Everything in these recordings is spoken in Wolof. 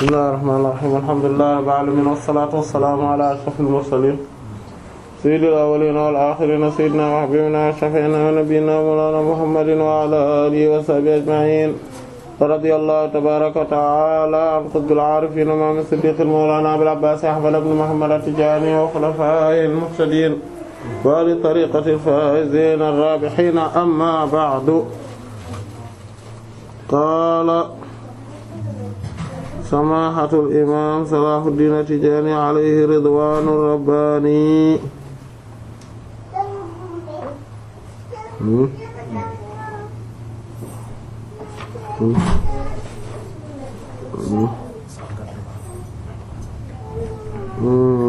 bismillahir rahmanir rahim alhamdulillahi rabbil alamin wassalatu wassalamu ala ashrafil mursalin sayyidil awwalin wal akhirin sayyidina wa habibina wa shafi'ina wa nabiyyina mawlana muhammadin wa ala alihi wa sahbihi ajma'in رضي الله تبارك وتعالى عن قطب العارفين امام الصديق المولانا ابو العباس احمد بن محمد التجاني وخلفائه المهتدين وآل طريقة الفائزين الرابحين أما بعد قال samaahatul imaam Salahuddin Tijaani alayhi ridwaanu rabbaani Hmm, hmm? hmm? hmm?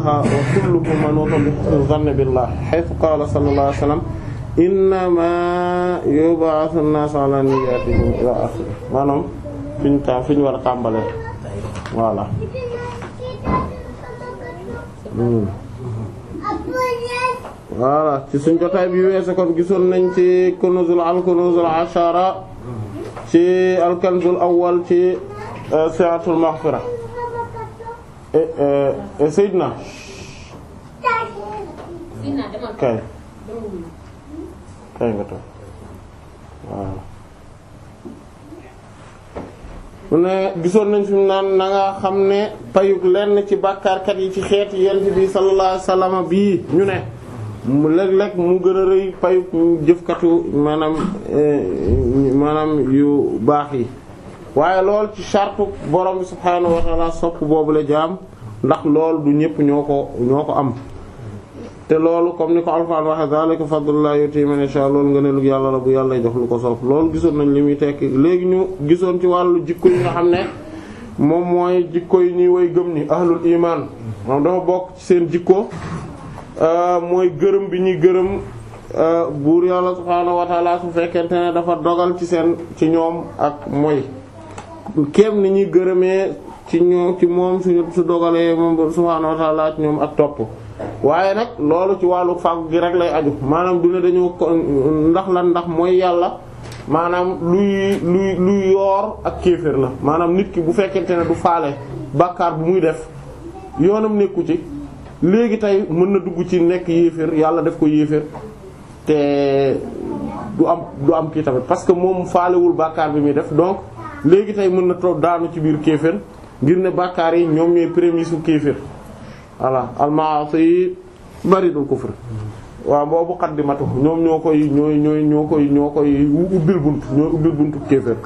kulluhaa wa kullukum manuutun bi husni zanni billaah haythu qaala sallallaahu alayhi wa sallam innamaa yub'athu an-naasu alaa niyyatihim ilaa aaxiri maanaam fi ñu taa fi ñu war a tàmbalee voilà. Hmm. voilà ci suñ jotaay bi weesu kon gisoon nañ ci kunuzul al kunuzul ashara ci al kanzul awwal ci euh, si'atul maghfira Eh, eh, eh, Seydina kay kay nga toog waaw mu ne gisoon nañ fi naan nanga xam ne payug lenn ci bàkkaarkat yi ci xeet yent bi sallallahu alayhi wasallam bii ñu ne mu léeg-léeg mu gën a rëy payug jëfkatu maanaam maanaam yu baax yi waaye lool ci chartu borom bi subhaanahu wa ta'ala sopp boobu la jaam ndax lool du ñëpp ñoo ko ñoo ko am te loolu comme ni ko waxee alxuraan waxe zalika fadlullah yuti man yasha loolu nga ne lu yàlla la bu yàlla jox lu ko soof loolu gisoon nañ li muy tekki léegi ñu gisoon ci wàllu jikko yi nga xam ne moom mooy jikko yi ñuy way gëm ni ahlul imaan moom dafa bokk ci seen jikko euh, mooy gërëm bi ñuy gërëm euh, buur yàlla subhaanahu wa taala su fekkente ne dafa dogal ci seen ci ñoom ak moy kéem ni ñuy gërëmee ci ñoom ci moom suñu su dogalee moom subhaanahu ci ñoom ak topp waaye nag loolu ci wàllu fàggu gi rek lay aju maanaam du ne dañu ndax lan ndax mooy yàlla maanaam luy luy luy yoor ak kéeféer la maanaam nit ki bu fekkente ne du faale bàkkaar bu muy def yoonam nekku ci léegi tey mën na dugg ci nekk yéeféer yàlla def ko yéeféer te du am du am kii tamit parce que moom faalewul bàkkaar bi muy def donc léegi tey mën na toog daanu ci biir kéefër ngir ne bàkkaar yi ñoom ñooy prémisse u kéefër voilà almaasi baridul kufr waaw boobu xaddimatu ñoom ñoo koy ñooy ñooy ñoo koy ñoo koy ubbil bunt ñooy ubbil buntu kéefër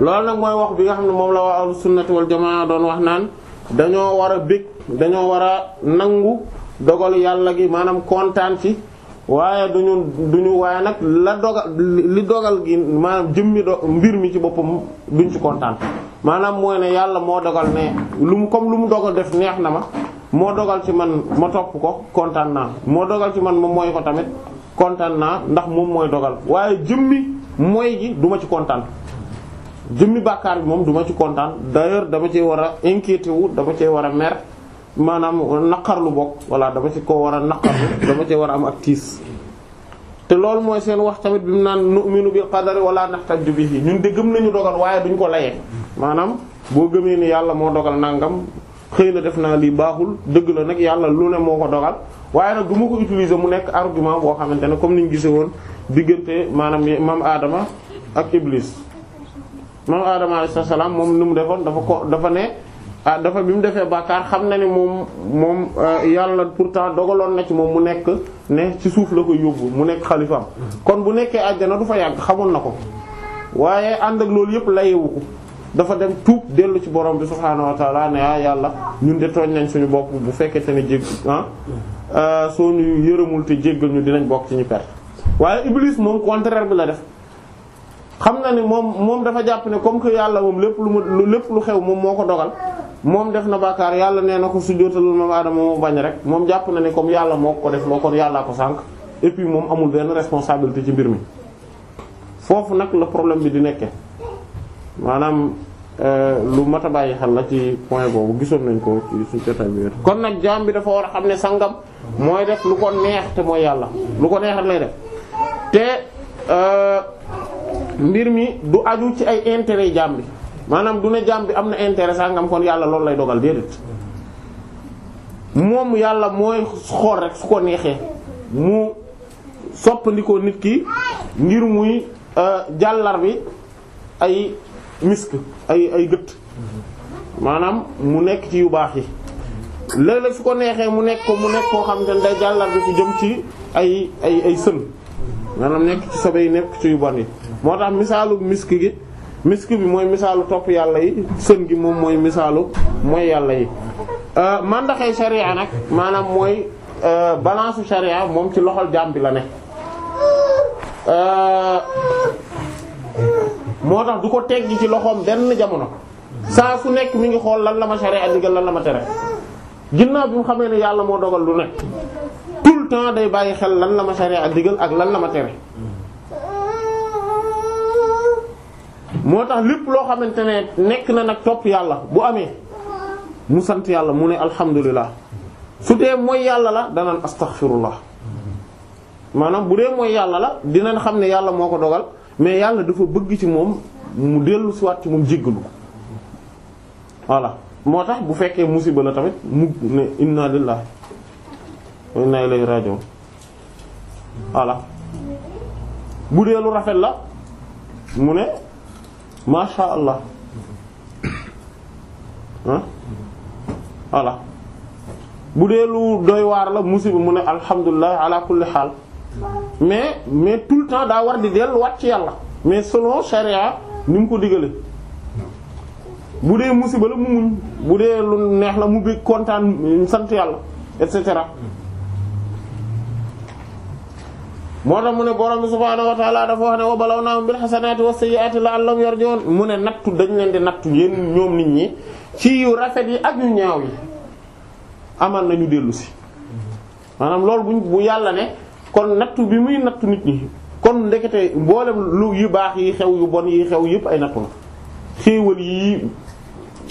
loolu nag mooy wax bi nga xam ne moom la waa ahlu sunnati wal jamaa doon wax naan dañoo war a bég dañoo war a nangu dogal yàlla gi maanaam kontaan ci waaye du duñu waaye nag la dogal li dogal gi maanaam jëmmi do mbir mi ci boppam duñ ci kontaan maanaam mooy ne yàlla moo dogal ne lu mu comme lu mu dogal def neex na ma moo dogal ci man ma topp ko kontaan naa moo dogal ci man ma mooy ko tamit kontaan naa ndax moom mooy dogal waaye jëmmi moy ji duma ci kontaan jëmmi bàkkaar bi moom duma ci kontaan d'ailleurs dama cee war a inquiété wu dama cee war a mer maanaam naqarlu bokk voilà dama ci ko war a naqarlu dama ci war a am ak tiis te loolu mooy seen wax tamit bi mu naan nu'minu bil qadari wala nahtaju yi ñun de gëm nañu dogal waaye duñ ko layee maanaam boo gëmee ni yàlla moo dogal nangam xëy na def naa lii baaxul dëgg la nag yàlla lu ne moo ko dogal waaye nag du ma ko utiliser mu nekk argument boo xamante ne comme ni ñu gisee woon diggante maanaam maam aadama ak Iblis maam Adama alayhi salaam moom ni mu defoon dafa ko dafa ne. ah dafa bi mu defee bàkkaar xam na ne moom moom ah, yàlla pourtant dogaloon na ci moom mu nekk ne ci suuf la koy yóbbu mu nekk xalifaam kon bu nekkee àjjana du fa yàgg xamoon na ko waaye ànd ak loolu yëpp layewu dafa dem tuub dellu ci borom bi subhaanahu wa ah, yàlla ñun de tooñ nañ suñu bopp bu fekkente ne jég ah, ah soo ñu yërëmul te jéggal ñu dinañ bokk ci ñu waaye Iblis moom bi la def xam na ne moom moom dafa jàpp ne comme que yàlla moom lépp lu mu lépp lu xew moom moo ko dogal moom def na bàkkaar yàlla nee na ko sujjóotalul moom aadama moo bañ rek moom jàpp na ne comme yàlla moo ko def loo kon yàllaa ko sànq et puis moom amul benn responsabilité ci mbir mi nag la problème bi di nekke maanaam euh, lu mat a bàyyi xel la ci point boobu gisoon nañ ko ci kon nag jaam bi dafa war a xam sangam mooy def lu ko neex te yàlla lu ko neex rek euh, mbir mi du aju ci ay intérêt jaam bi maanaam du ne jaam bi am na intérêt sangam kon yàlla loolu lay dogal déedéet moom yàlla mooy xool rek su ko neexee mu soppandikoo nit ki ngir muy euh, jàllar bi ay misk ay ay gët maanaam mu nekk ci yu baax yi léeg-léeg su ko neexee mu nekk ko mu nekk koo xam ne day jàllar bi ci jëm ci ay ay ay sën maanaam nekk ci sobe yi nekk ci yu bon yi moo tax misaalu misk gi misk bi mooy misaalu topp yàlla yi sën gi moom mooy misaalu mooy yàlla yi euh, mandaxay sharia nag maanaam mooy euh, balance sharia moom ci loxol jaam bi la ne euh, moo tax du ko teggi ci loxoom benn jamono saa su nekk mi ngi xool lan la ma sharia digal lan la ma tere ginnaaw bi mu xamee ne yàlla moo dogal lu ne tout le temps day bàyyi xel lan la ma sharia digal ak lan la ma tere moo tax lépp loo xamante ne nekk na nag topp yàlla bu amee mu sant yàlla mu ne alhamdulilah su dee mooy yàlla la danaan astaghfirullah maanaam bu dee mooy yàlla la dinañ xam ne yàlla moo ko dogal mais yàlla dafa bëgg ci moom mu dellu si waat ci moom jéggalu ko voilà moo tax bu fekkee musiba la tamit mu ne inna lillahi wa inna ilayhi raji'un voilà bu dee lu rafet la mu ne. macha allah ah voilà bu dee lu doy waar la musiba mu ne alhamdulilah ala kulli xaal mais mais tout le temps daa war di delluwaat ci yàlla mais solo charia ni mu ko digale bu dee musiba la mu muñ bu dee lu neex na mu bi kontaan sant yàlla et cetera moo tax mu ne borom bi subhaanahu wa ta'ala dafa wax ne wa balawnaahum bil hasanati was sayyiati la'allahum yarji'un mu ne nattu dañ leen di nattu yéen ñoom nit ñi ci yu rafet yi ak yu ñaaw yi amal na ñu dellusi maanaam loolu buñ bu yàlla ne kon nattu bi muy nattu nit ñi kon ndekete mboolem lu yu baax yi xew yu bon yi xew yëpp ay nattu la xéewal yi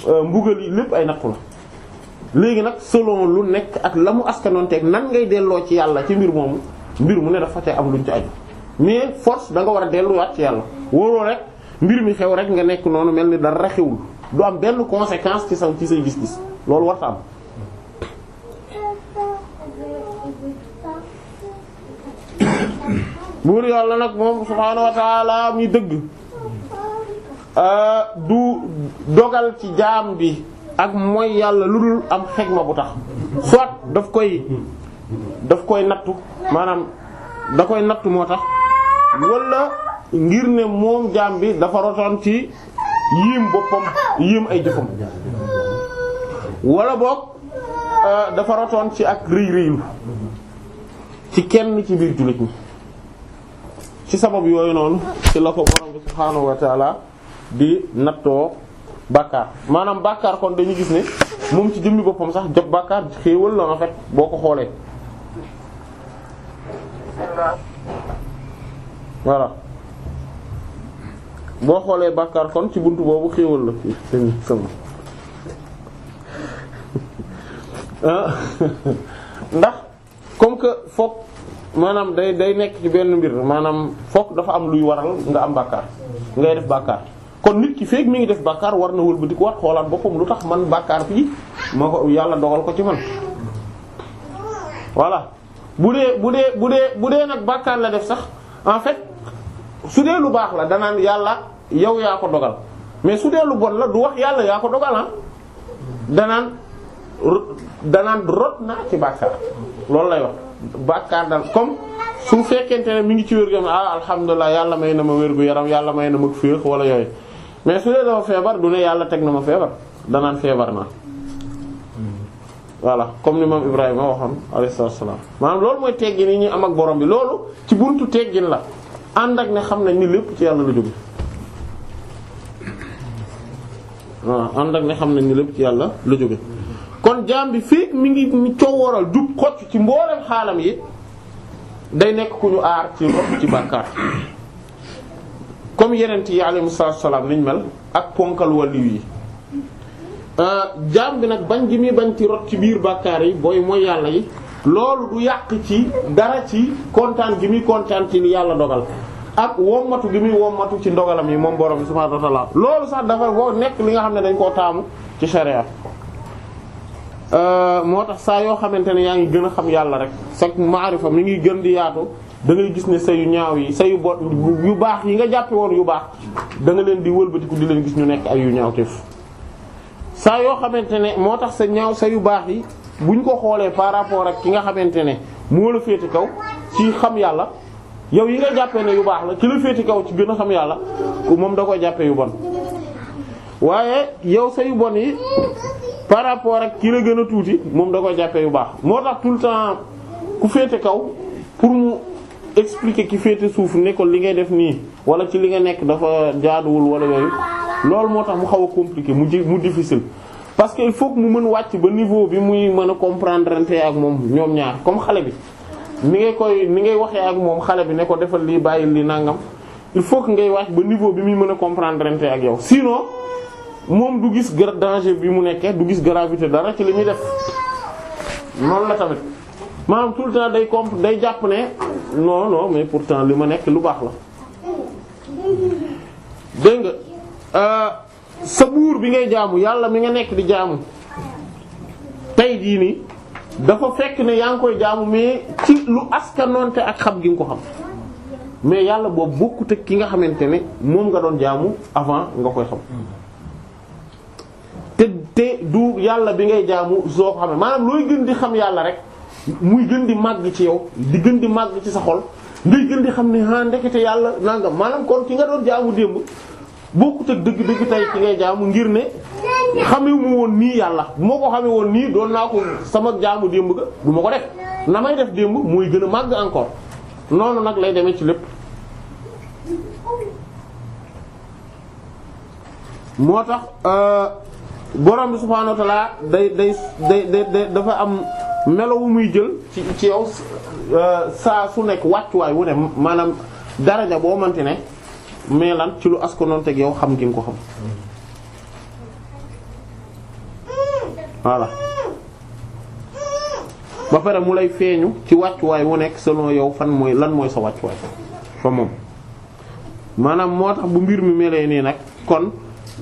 euh, mbugal yi lépp ay nattu la léegi nag selon lu nekk ak la mu askanoonteeg nan ngay delloo ci yàlla ci mbir moomu mbir mu ne dafa cay am luñ ci aju mais force danga war a delluwaat ci yàlla wóoroo rek mbir mi xew rek nga nekk noonu mel ni dara xewul du am benn conséquence ci saw ci say gis-gis loolu warta am. buur yàlla nag moom subhaanahu wa mi dëgg euh, du dogal ci jaam bi ak mooy yàlla lu dul am xegma bu tax soit daf koy. daf koy nattu maanaam da koy nattu moo tax wala ngir ne moom jaam bi dafa rotoon ci yiim boppam yiim ay jëfam wala boog euh, dafa rotoon ci ak rëy rëylu ci kenn ci biir jullit ñi ci sabab yooyu noonu ci la ko borom bi subhaanahu wa di nattoo bàkkaar maanaam bàkkaar kon dañu gis ne moom ci jëmmi boppam sax jot bàkkaar xéewal la en fait boo ko xoolee voilà boo xoolee bàkkaar kon ci bunt boobu xéewal la fii seen ah. ndax comme que foog maanaam day day nekk ci benn mbir maanaam foog dafa am luy waral nga am bàkkaar ngay def bàkkaar kon nit ki feek mi ngi def bàkkaar war na wëlbati ko war xoolaat boppam lu tax man bàkkaar fii ma ko yàlla dogal ko ci man voilà bu dee bu dee bu dee bu dee nag bàkkaar la def sax en fait su dee lu baax la danaan yàlla yow yaa ko dogal mais su dee lu bon la du wax yàlla yaa ko dogal ah danaan danaan rot naa ci bàkkaar loolu lay wax bàkkaar dal comme su fekkente ne mi ngi ci wér-gu-yaram ah alhamdulilah yàlla may na ma wér-gu-yaram yàlla may na ma féex wala yooyu mais su dee dafa feebar du ne yàlla teg na ma feebar danaan feebar naa voilà comme ni maam Ibrahima waxoon alayhi salaam maanaam loolu mooy teggin yi ñuy am ak borom bi loolu ci buntu teggin la ànd ak ne xam nañ ni lépp ci yàlla la jóge voilà ànd ak ne xam nañ ni lépp ci yàlla la jóge kon jaam bi fii mi ngi ni coowaral jub xocc ci mboolem xaalam yi day nekk ku ñu aar ci rox ci bàkkaar comme yeneen yi alayhi salaam niñ mel ak ponkal wàllu yi. Euh, jaam bi nag bañ gi muy bañ ci rot ci biir bàkkaar yi booy mooy yàlla yi loolu du yàq ci dara ci kontaan gi muy kontaan ci yàlla dogal ak wommatu gi muy wommatu ci ndogalam yi moom borom subhaanahu wa ta'aala loolu sax dafa boo nekk li nga xam ne dañ koo taamu ci sharia euh, moo tax saa yoo xamante ne yaa ngi gën a xam yàlla rek sax maarifa mi ngi gën di yaatu da gis ne sa yu ñaaw yi sa yu bon yu baax yi nga jàppe woon yu baax da leen di wëlbatiku di leen gis ñu nekk ay yu ñaawteef saa yoo xamante ne moo tax sa ñaaw sa yu baax yi bu ñu ko xoolee par rapport ak ki nga xamante ne moo la féete kaw ci xam yàlla yow yi nga jàppee ne yu baax la ki la féete kaw ci gën a xam yàlla moom da koy jàppe yu bon waaye yow sa yu bon yi par rapport ak ki la gën a tuuti moom da koy jàppe yu baax moo tax tout le temps ku féete kaw pour mu expliquer ki féete suuf ne ko li ngay def nii wala ci li nga nekk dafa jaaduwul wala yooyu loolu moo tax mu xaw a compliqué mu mu difficile parce que il faut que mu mën wàcc ba niveau bi muy mën a comprendre ak moom ñoom ñaar comme xale bi ni ngay koy ni ngay waxee ak moom xale bi ne ko defal lii bàyyi lii nangam il faut que ngay wàcc ba niveau bi muy mën a comprendre ak yow sinon moom du gis danger bi mu nekkee du gis gravité dara ci li ñuy def maanaam tout le day comp day jàpp ne non non mais pourtant li ma nekk lu baax la dégg nga euh, sa buur bi ngay jaamu yàlla mi nga nekk di jaamu tey jii nii dafa fekk ne yaa ngi koy jaamu mais ci lu askanoonte ak xam gi ko xam mais yàlla boobu bokkut ki nga xamante ne moom nga doon jaamu avant nga koy xam te te du yàlla bi ngay jaamu soo ko xamee maanaam looy gën di xam yàlla rek. muy gën di màgg ci yow di gën di màgg ci sa xol ngay gën di xam ne ah ndekete yàlla nangam maanaam kon ki nga doon jaamu démb boo ak dëgg-dëgg tey ki ngay jaamu ngir ne xamee woon nii yàlla bu ma ko xamee woon nii doon naa ko sama jaamu démb ga du ma ko def na may def démb muy gën a màgg encore noonu nag lay demee ci lépp. moo tax. Euh, borom bi subhaanahu wa day day day dafa am melo muy jël ci ci yow euh, saa su nekk wàccuwaay wu ne maanaam daraja boo mante ne mais lan ci lu askanoon yow xam gi ko xam voilà ba pare mu lay feeñu ci wàccuwaay wu nekk selon yow fan mooy lan mooy sa wàccuwaay fa moom maanaam moo tax bu mbir mi melee nii nag kon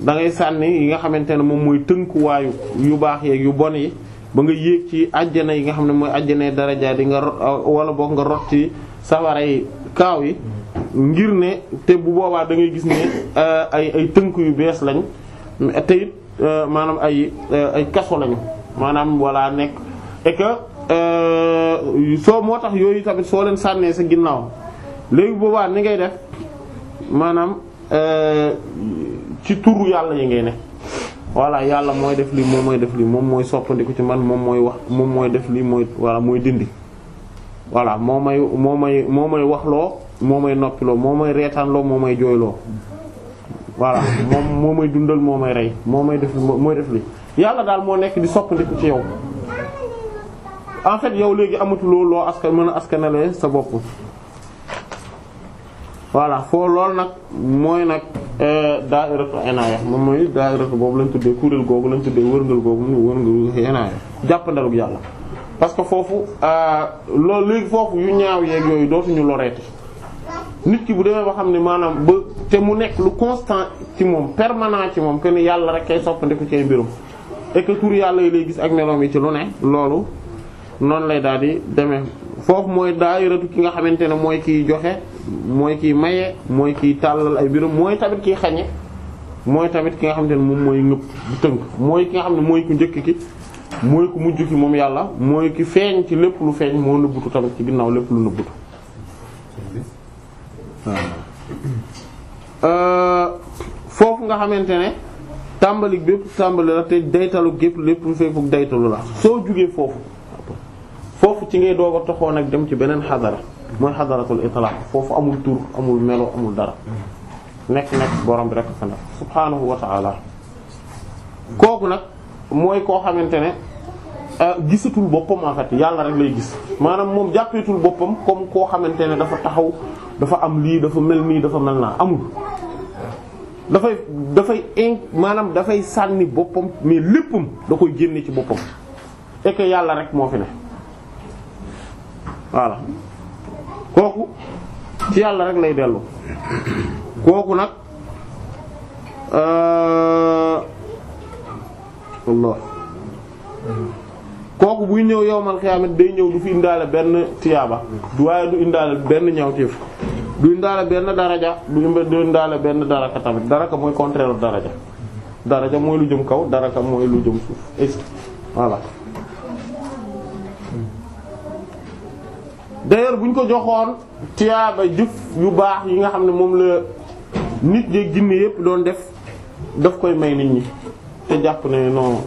da ngay sànni yi nga xamante ne moom mooy tënkuwaayu yu baax yeeg yu bon yi ba nga yéeg ci àjjana yi nga xam ne mooy àjjana daraja di nga uh, wala boog nga rot ci safara yi kaaw yi ngir ne te bu boobaa dangay gis ne uh, ay ay tënk yu bees lañ te uh, maanaam ay ay kaso lañu maanaam wala nekk et que soo moo tax yooyu tamit soo leen sànnee sa ginnaaw léegi boobaa ni ngay def maanaam. ci turu yàlla yi ngay ne voilà yàlla mooy def li moo mooy def lii moom mooy soppandiku ci man moom mooy wax moom mooy def lii mooy voilà mooy dindi voilà moo may moo may moo may wax loo moo may noppi moo may reetaan loo moo may jooy loo voilà moom moo may dundal moo may rey moo may def mooy def li yàlla daal moo nekk di soppandiku ci yow en fait yow léegi amatuloo loo askan mën a askanale sa bopp voilà foo loolu nag mooy nag euh, daa'iratu inaaya moom mooy daa'iratu boobu lañ tuddee kuréel googu lañ tuddee wërngal googu mu wërngalu inaaya jàppandalug yàlla parce que foofu euh, loolu léegi yu ñaaw yeeg yooyu dootuñu loreeti nit ki bu demee ba xam ne maanaam ba te mu nekk lu constant ci moom permanent ci moom que yàlla rek kay soppandiku ci ay mbirum et yàlla yi lay gis ak meloom yi ci lu ne loolu noonu lay daal di demee foofu mooy daayiratu ki nga xamante ne mooy kiy joxe mooy kiy maye mooy kiy tàllal ay biram mooy tamit kiy xañe mooy tamit ki nga xamante ne moom mooy ngëpp tënk mooy ki nga xam ne mooy ku njëkk ki mooy ku mujj ki moom yàlla mooy ki feeñ ci lépp lu feeñ moo nëbbutu tamit ci ginnaaw lépp lu nëbbutu euh, foofu nga xamante ne tàmbali bépp tàmbali la te daytalu gépp lépp lu fekk daytalu la soo jugee foofu foofu ci ngay doog a toxoo nag dem ci beneen xadara mooy xadaratul itlaq foofu amul tur amul melo amul dara nekk nekk borom bi rek fa nekk subhaanahu kooku nag mooy koo xamante ne euh, gisatul boppam en yàlla rek lay gis maanaam moom jàppeetul boppam comme koo xamante ne dafa taxaw dafa am lii dafa mel nii dafa mel naa amul dafay dafay in maanaam dafay sànni boppam mais léppam da koy génne ci boppam et yàlla rek moo fi ne voilà kooku ci yàlla rek lay dellu kooku nag euh, kooku buy ñëw yowmal xiyaama day ñëw du fi indaale benn tiyaaba du waaye du indaale benn ñawteef du indaale benn daraja du indaale benn daraka tamit daraka mooy contraire daraja daraja mooy lu jëm kaw daraka mooy lu jëm suuf voilà d'ailleurs bu ñu ko joxoon tiyaaba jëf yu baax yi nga xam ne moom la nit ñi ginne yépp doon def daf koy may nit ñi te jàpp ne non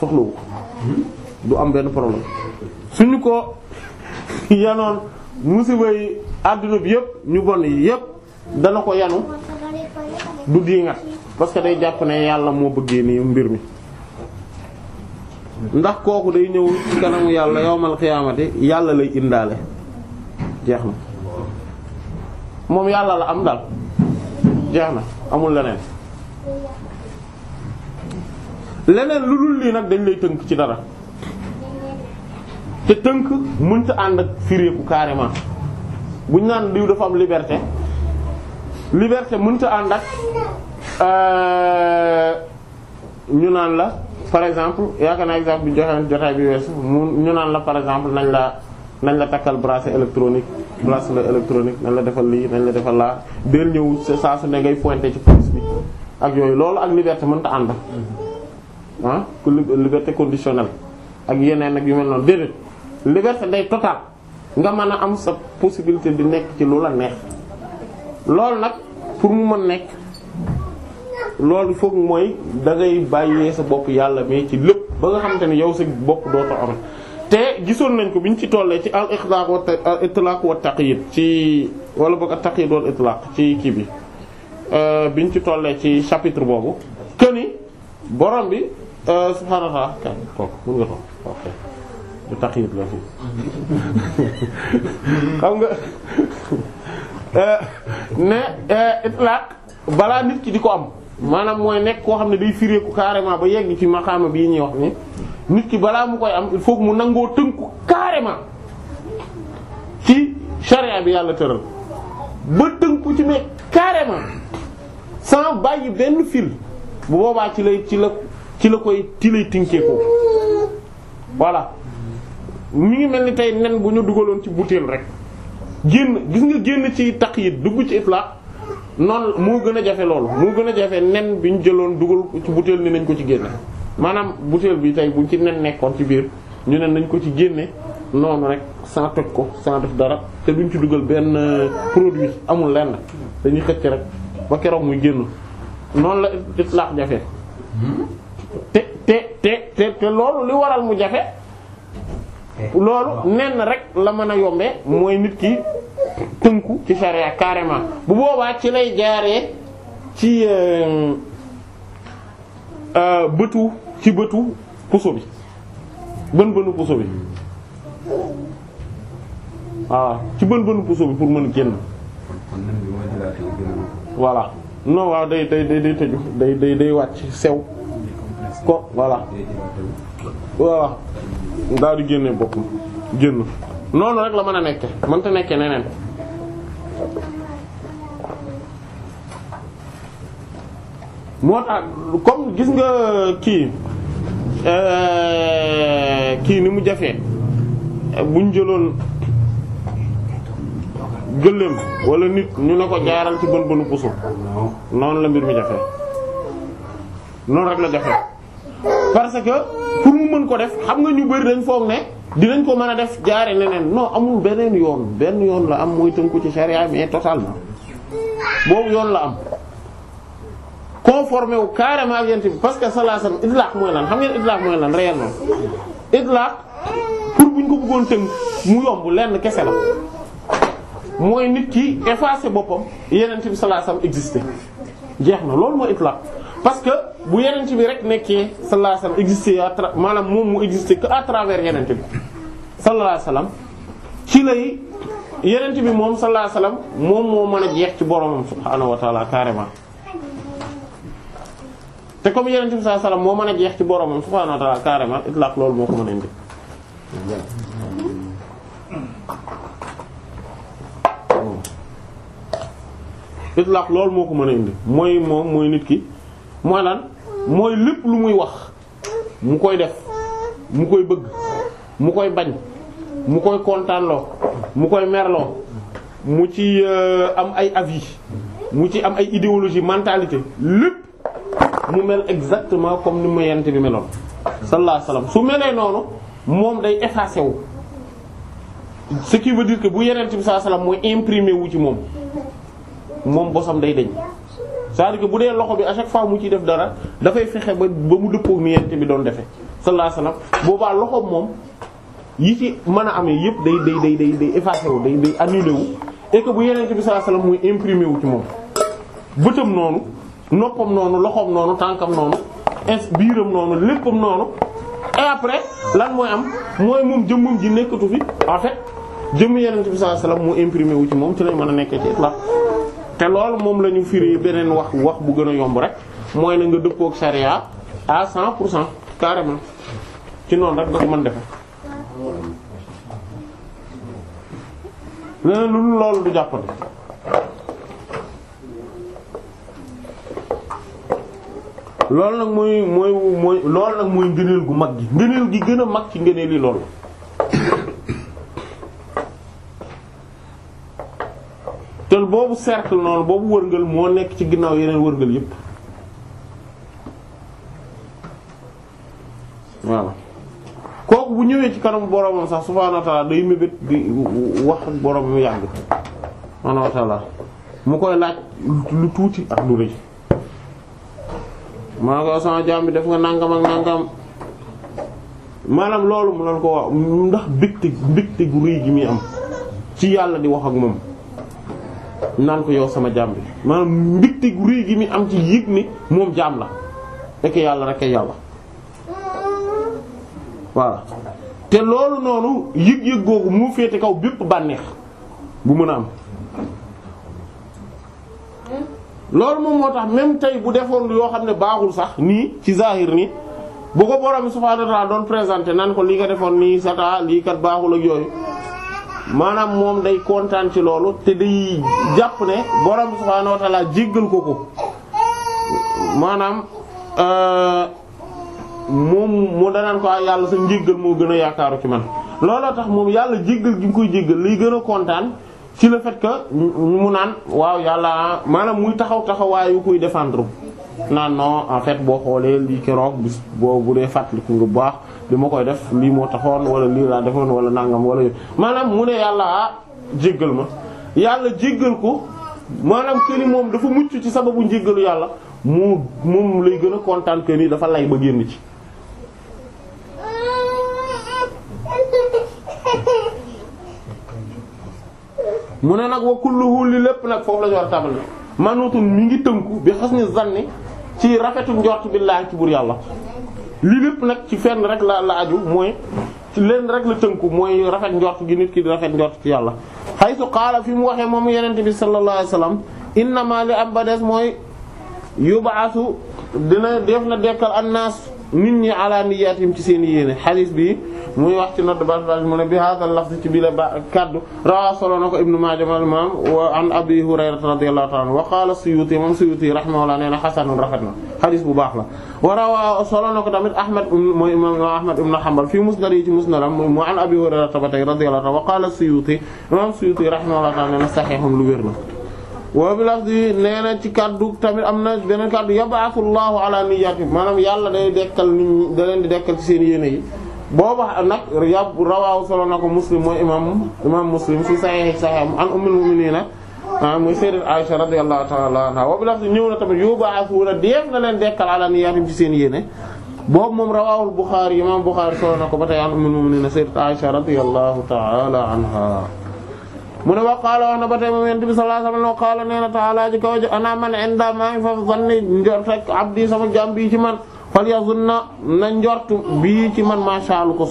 soxlawu du am benn su ñu ko yanoon musiba yi àdduna bi yépp ñu bon yi yépp dana ko yanu du diingat parce que day jàpp ne yàlla moo bëggee nii mbir mi ndax kooku day ñëw ci kanamu yàlla yawmal xiyaamati yàlla lay indaale jeex na moom yàlla la am daal jeex na amul leneen leneen lu dul lii nag dañ lay tënk ci dara te tënk mënta ànd ak firéeku carrément bu ñu naan diw dafa am liberté liberté mënta ànd ak euh, ñu naan la par exemple yaakaar naa exemple bi joxe jotaay naan la par exemple nañ la nañ la takkal bracelet électronique bracelet électronique nañ la defal lii nañ la defal laa del ñëw saa su ne ngay pointé ci police bi ak yooyu loolu ak liberté mënta ànd mm-hmm. ah ku liberté conditionnelle ak yeneen ak yu mel noonu déedéet liberté day total nga mën a am sa possibilité di nekk ci lu la neex loolu nag pour mu mën nekk loolu foog mooy da ngay bàyyee sa bopp yàlla mais ci lépp ba nga xamante ni yow sa bopp dootoo am te gisoon nañ ko bi ñu ci tollee ci al itlaq wa al itlaq wa taqyid ci wala boog at taqyid wal itlaq ci kii bi euh, bi ñu ci tollee ci chapitre boobu que borom bi euh, subhaanahu wa ta'ala toog mën nga toog ok du taqyid la fi xam nga euh, ne itlaq balaa nit ki di ko am maanaam mooy nekk koo xam ne day firéeku carrément ba yegg ci maqaama bii ñuy wax ni nit ki balaa mu koy am il mu nangoo tënku carrément ci charia bi yàlla tëral ba tënku ci mais carrément sans bàyyi benn fil bu boobaa ci lay ci la ci la koy ci lay tinkeekoo voilà mu ngi mel ni tey nen bu ñu dugaloon ci butéel rek génn gis nga génn ci taqyid dugg ci iflaq noonu moo gën a jafe loolu moo gën a jafe nen bi ñu jëloon dugal ci butéel ni nañ ko ci génne maanaam butéel bi tey buñ ci nen nekkoon ci biir ñu ne nañ ko ci génne noonu rek sans ko sans dara te duñ ci dugal benn euh, produit amul lenn dañuy xëcc rek ba keroog muy génn noonu la it laax jafe hmm? te te te te te loolu li waral mu jafe. Eh, loolu nenn rek la mën a yombee mooy nit ki tënku ci charia carrément bu boobaa ci lay jaaree ci euh, euh, bëtu ci bëtu puso bi bën bënu puso bi waaw ci bën bënu puso bi pour mën génn voilà no waaw day day day day tëju day day day wàcc sew ko voilà voilà daal di génne boppam génn noonu rek la mën a nekke mënta nekke neneen moo tax comme gis nga kii euh, kii ni mu jafee buñ jëloon gëléem wala nit ñu ne ko jaaral ci bën bënu noonu la mbir mi jafee noonu rek la jafee parce que pour mu mën ko def xam nga ñu bari dañ foog ne dinañ ko mën a def jaare leneen noo amul beneen yoon benn yoon la am mooy tënku ci charia mais totalement boobu yoon la am conformé wu carrément ak yent bi parce que salaasan idlaaq mooy lan xam ngeen idlaaq mooy lan réellement idlaaq pour buñ ko buggoon tënk mu yomb lenn kese la mooy nit ki effacé boppam yenent bi salaasan existé jeex na loolu mooy idlaaq parce que bu yenent bi rek nekkee sallallahu alayhi wasallam existé à tra maanaam moom mu existé que à travers yenent bi sallallahu alayhi wasallam ci lay yenent bi moom sallallahu alayhi wasallam moom moo mën a jeex ci boromam subhaanahu wa ta'ala carrément te comme yenent bi sallallahu alayhi wasallam moo mën a jeex ci boromam subhaanahu wa ta'ala carrément itlaq loolu moo ko mën a indi itlaq loolu moo ko mën a indi mooy moom mooy nit ki mooy lan mooy lépp lu muy wax mu koy def mu koy bëgg mu koy bañ mu koy kontaanloo mu koy merloo mu ci euh, am ay avis mu ci am ay idéologie mentalité lépp mu mel exactement comme ni mu yent bi meloon sallallahu alayhi wasallam su melee noonu moom day effacé wu ce qui veut bu yenent bi sallallahu alayhi wasallam mooy imprimé wu ci moom moom bosam day deñ c'est-à-dire bu dee loxo bi à chaque fois mu ciy def dara dafay fexe ba ba mu dëppoo mi yent bi doon defee sallallahu alayhi wasallam boobaa loxo moom yi ci mën a amee yëpp day day day day day effacé wu day day annulé wu et bu yeneen bi sallallahu alayhi muy imprimé wu ci moom bëtam noonu noppam noonu loxoom noonu tànkam noonu ins biiram noonu léppam noonu et après lan mooy am mooy moom jëmmum ji nekkatu fi en fait jëmm yeneen bi sallallahu alayhi wasallam mu imprimé wu ci moom ci lay mën a nekkee ci te loolu moom la ñu firi beneen wax wax bu gën a yomb rek mooy na nga dëppoo ak sariya à cent pour cent carrément ci noonu rek nga ko mën defe leneen lu loolu du jàppandi loolu nag mooy mooy mooy loolu nag mooy ngëneel gu mag gi ngëneel gi gën a mag ci ngëneel yi loolu te boobu cercle noonu boobu wërngal moo nekk ci ginnaaw yeneen wërngal yépp voilà kooku bu ñëwee ci kanam boromam sax subhaanahu wa ta'aala day mébét di wax ak boromam yàgg subhaanahu wa ta'aala mu koy laaj lu tuuti ak lu rëy maa nga sama jaam bi def nga nangam ak nangam maanaam loolu mu doon ko wax ndax mbégte mbégte gu rëy gi muy am ci yàlla di wax ak moom naan ko yow sama jaam bi maanaam mbigte gu rëy gi mi am ci yëg ni moom jaam la ek yàlla rekk yàlla voilà te loolu noonu yëg-yëg googu mu féete kaw bépp bànneex bu mën a am loolu moom moo tax même tey bu defoon yoo xam ne baaxul sax nii ci zahir nii bu ko borom su wa ta'ala doon présenté naan ko lii nga defoon nii sata lii kat baaxul ak yooyu maanaam moom day kontaan ci loolu te day jàpp ne borom subhaanahu wa ta'ala jéggal ko ko maanaam euh, moom mu danaan ko ah, yàlla sa njéggal moo gën a yaakaaru ci man looloo tax moom yàlla jéggal gi mu koy jéggal liy gën a kontaan ci le fait que mu naan waaw yàlla maanaam muy taxaw taxawaayu koy défendre naan non en fait boo xoolee lii keroog bis boo bu dee fàttaliku nga bu baax bi ma koy def lii moo taxoon wala lii laa defoon wala nangam wala maanaam mu ne yàlla ah jéggal ma yàlla jéggal ko maanaam que moom dafa mucc ci sababu njéggalu yàlla mu lay gën a kontaan que dafa lay ba génn ci. mu ne nag wa kulluhu li lépp nag foofu la ñu war a tabal manuutun mi ngi tënku bi xas ni zanni ci rafetu njort billaahi ci buur yàlla. lii lépp nag ci fenn rek la la aju mooy ci rek la tënku mooy rafet njort gi nit ki di rafet njort ci yàlla xaytu qaala fi mu waxee moom yenente bi sallallahu alayhi wasallam innama li am ba des mooy yubaasu dina def na dekkal annaas nit ñi ala niyyatihim ci seen yéene xadis bi muy wax ci nodd bas mu ne bi hadal lafz ci bi la ba kaddu rawa solo na ko ibnu Maaja mal imam wa an abi hurayrata radiyallahu ta'ala wa qala suyuti moom suyuti rahimahullah nee na xasanun rafet na xadis bu baax la wa rawa solo na ko tamit ahmad mooy imam ahmad ibnu hanbal fii musnad yi ci musnadam mu an abi hurayrata ba tey radiyallahu ta'ala wa qala suyuti imam suyuti rahimahullah ta'ala nee na saxiixum lu wér la wa bi lafzi nee na ci kaddu tamit am na beneen kaddu yab'athu Allahu ala niyyatihim maanaam yàlla day dekkal nit da leen di dekkal ci seen yéene yi booba nag yab rawaaw solo na ko muslim mooy imam imam muslim fi sahih sahih an ummul mu'minina ah muy sayyidat Aisha radiyallahu ta'ala anha wa bi lafzi ñëw na tamit yub'athuna def na leen dekkal ala niyyatihim ci seen yéene boobu moom rawaawul Bukhari imam Bukhari solo na ko ba tey an ummul mu'minina sayyidat Aisha radiyallahu ta'ala anha mu ne wa wax na ba tey moom yonent bi sallallahu nee na ta'ala ji kaw ji man inda maa ngi faf zanni njort rek abdi sama jaam bii man fal yazunna na njort bii man maa sha Allah ko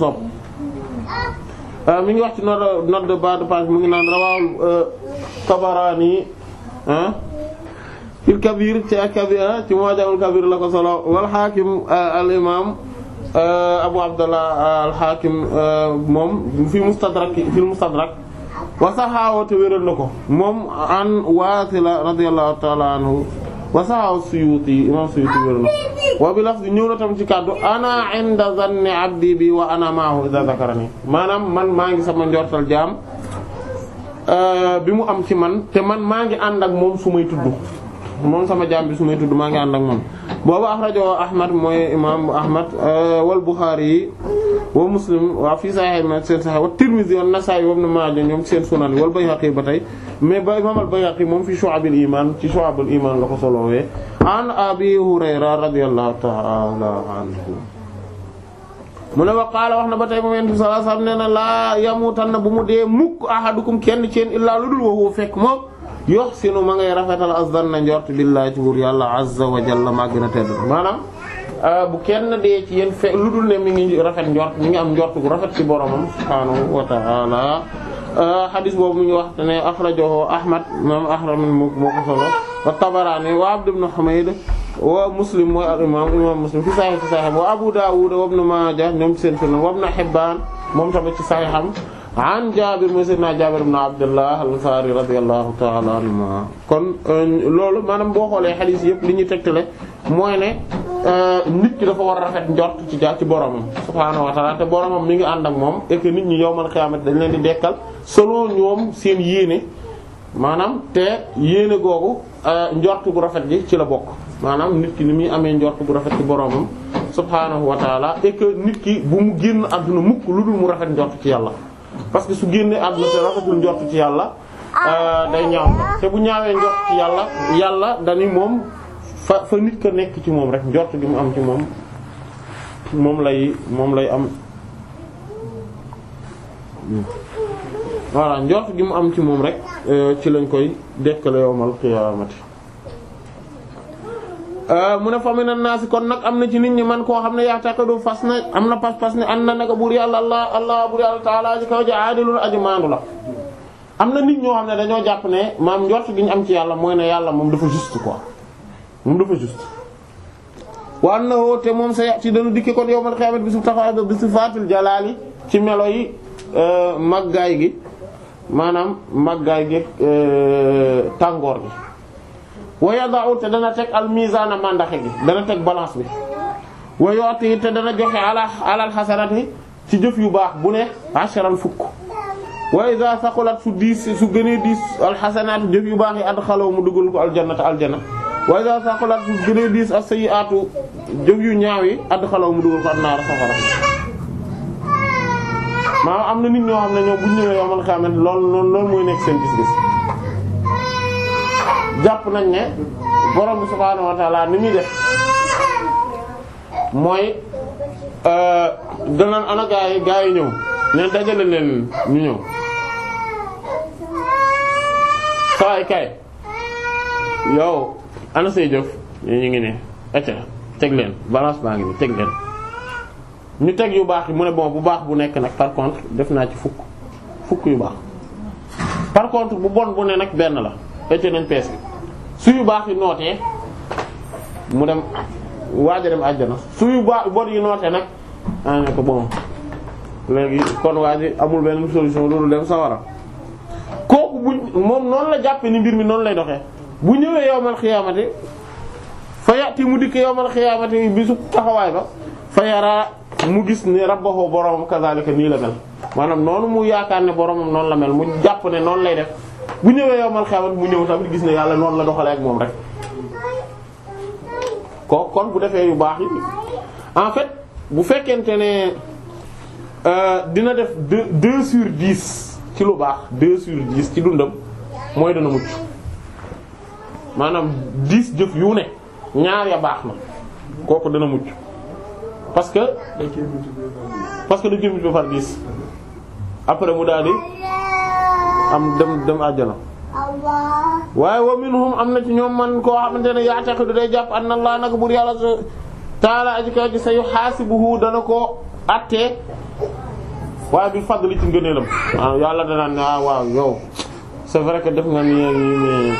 euh, ngi wax ci note note mu ngi naan rawaal euh, Tabarani fil Kabir ci Kabir ci Kabir la ko solo wal Hakim euh, al imam Abu Abdallah al Hakim moom fi Mustadrak fil Mustadrak wa saxaawa te wéral ko moom an Waasila radiyallahu ta'ala anhu wa saxaawa Suyuuti imaam Suyuuti na wa bi lafzi ñëw na tam ci kàddu ana inda zanni abdi bi wa ana ma'ahu idha zakarani maanaam man maa ngi sama njortal jaam euh, bi mu am ci man te man maa ngi ànd ak moom su may tudd moom sama jaam su may tudd maa ngi ànd ak moom boobu axrajahu Ahmad mooy imaam Ahmad euh, wal Buxaari yi wa Muslim wa fii Sahih ma seen Sahih wa Tirmidhi wa Nasa'i wa Ibn Maaja ñoom seen sunan wal Bayhaqi ba tey mais ba imaam al Bayhaqi moom fi Shu'abul Iman ci Shu'abul Iman la ko solowee an Abi Hurayra radiyallahu ta'ala anhu mu ne wa qaala wax na ba tey moom yonent bi sallallahu alayhi wasallam nee na laa yamuutanna bu mu dee mukk ahadukum kenn ci illaa lu dul si sinu ma ngay rafetal asdan na njort billaahi ci buur yàlla azza wa jalla maa gën a maanaam euh, bu kenn dee ci yéen fe lu dul ne mi ngi rafet njort mi ngi am njort bu rafet ci boromam subhaanahu wa ta'ala euh, xadis boobu mi ngi wax ne axrajahu ahmad imam ahram moo ko solo wa tabaraani wa abd ibn humayd wa muslim mooy al imam imam muslim fi sahih fi sahih wa abu daawud wa ibn maaja ñoom seen sunan wa ibn hibbaan moom tamit ci sahiham an Jaabir mooy Seydina Jaabir ibn Abdullah al-Ansari radiyallahu ta'ala kon euh, loolu maanaam boo xoolee xadiis yëpp li ñuy tegtale mooy ne euh, nit ki dafa war a rafet njort ci ja ci boromam subhaanahu wa ta'ala te boromam mi ngi ànd moom et nit ñi yawmal qiyaamati dañ leen di dekkal selon ñoom seen yéene maanaam te yéene googu euh, njort bu rafet ji ci la bokk maanaam nit ki ni muy amee njort bu rafet ci boromam subhaanahu wa ta'ala et nit ki bu mu génn àdduna mukk lu dul mu rafet njort ci yàlla parce que su génnee àdduna te rafetul njort ci yàlla ah. euh, day ñaaw te bu ñaawee njort ci yàlla yàlla dañuy moom fa fa nit ka nekk ci moom rek njort gi mu am ci moom moom lay moom lay am voilà njort gi mu am ci moom rek euh, ci lañ koy dekkale yowmal qiyaamati Euh, mu ne naa si kon nag am na ci nit ñi man koo xam ne yaataqidu fas na am na pas-pas ne an na naka buur yàlla allah allah buur yàlla taala ji kaw ji aadilun aj maandu la am na nit ñoo xam ne dañoo jàpp ne maam njort gi ñu am ci yàlla mooy ne yàlla moom dafa juste quoi moom dafa juste wa annahu te moom sa yàtti danu dikki kon yow man xeamat bi su taxawaay ba bi sifaatil jalaali ci melo yi euh, màggaay gi maanaam màggaay gi euh, tàngoor gi wa yada'u te dana teg al mizaana màndaxe gi dana teg balance bi wa yu'ti te dana joxe ala alal xasanati ci jëf yu baax bu ne asharan fukk wa idha saqulat su diis su gënee jëf yu baax yi adxalaw mu dugal ko aljannata aljana wa idha saqulat su gënee diis as-sayyi'atu jëf yu ñaaw yi adxalaw mu dugal ko annaara safara maanaam am na nit ñoo xam ne ñoom bu ñu ñëwee yomal xamante loolu mooy nekk seen gis-gis jàpp nañ ne borom bi subhaanahu wa ni muy def mooy euh, danaan ana gaa yi gaa yi ñëw ne dajale leen ñu ñëw sawaay kay yow ana say jëf ñu ngi ne acca teg leen balance baa ngi teg leen ñu teg yu baax yi mu ne bon bu baax bu nekk nag par contre def naa ci fukk fukk yu baax par contre bu bon bu ne nag benn la ëcc nañ peese suyu baax yi nootee mu dem waaja a dem àjjana suyu baax bon yi nootee nag a ah, ne ko léegi kon waa ji amul benn solution loolu dem sawara kooku buñ moom noonu la jàpp ni mbir mi noonu lay doxee bu ñëwee yowmal xiyaamati fa yàtti mu dikk yowmal xiyaamati bisu taxawaay ba fa yaraa mu gis ne rabbahu boromam kazalika nii la mel maanaam noonu mu yaakaar ne boromam noonu la mel mu jàpp ne noonu lay def bu ñëwee yow man xewal mu ñëw tamit gis ne yàlla noonu la doxalee ak moom rek ko kon bu defee yu baax yi en fait bu fekkente ne euh, dina def deux deux sur dix ci lu baax deux sur dix ci dundam mooy dana mujj maanaam dix jëf yu ne ñaar ya baax na kooku dana mujj parce que parce que da jëmit ba far dix après mu daal di am dem dem àjjana waaye wa minhum am na ci ñoom man koo xamante ne yaataxidu day jàpp an Allah nag buur yàlla sa taala aji kaw ji sayu xaasibuhu dana ko attee waaye bi fadli ci ngëneelam yàlla danaan ne ah, waaw yow c'est vrai que def nga ni mais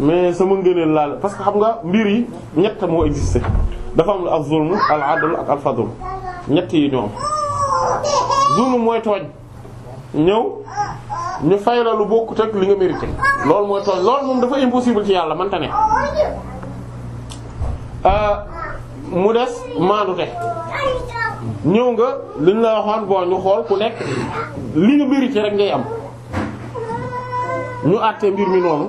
mais sama ngëneel laal parce que xam nga mbir yi ñett moo existé dafa am al zulm al adl ñett yi ñoo am mooy tooñ ñëw ñu fay la lu bokkut ak li nga mérité loolu mooy tooñ loolu moom dafa impossible ci yàlla mante ne euh, mu des maandute ñëw nga li ñu la waxoon bon ñu xool ku nekk li nga mérité rek ngay am ñu àtte mbir mi noonu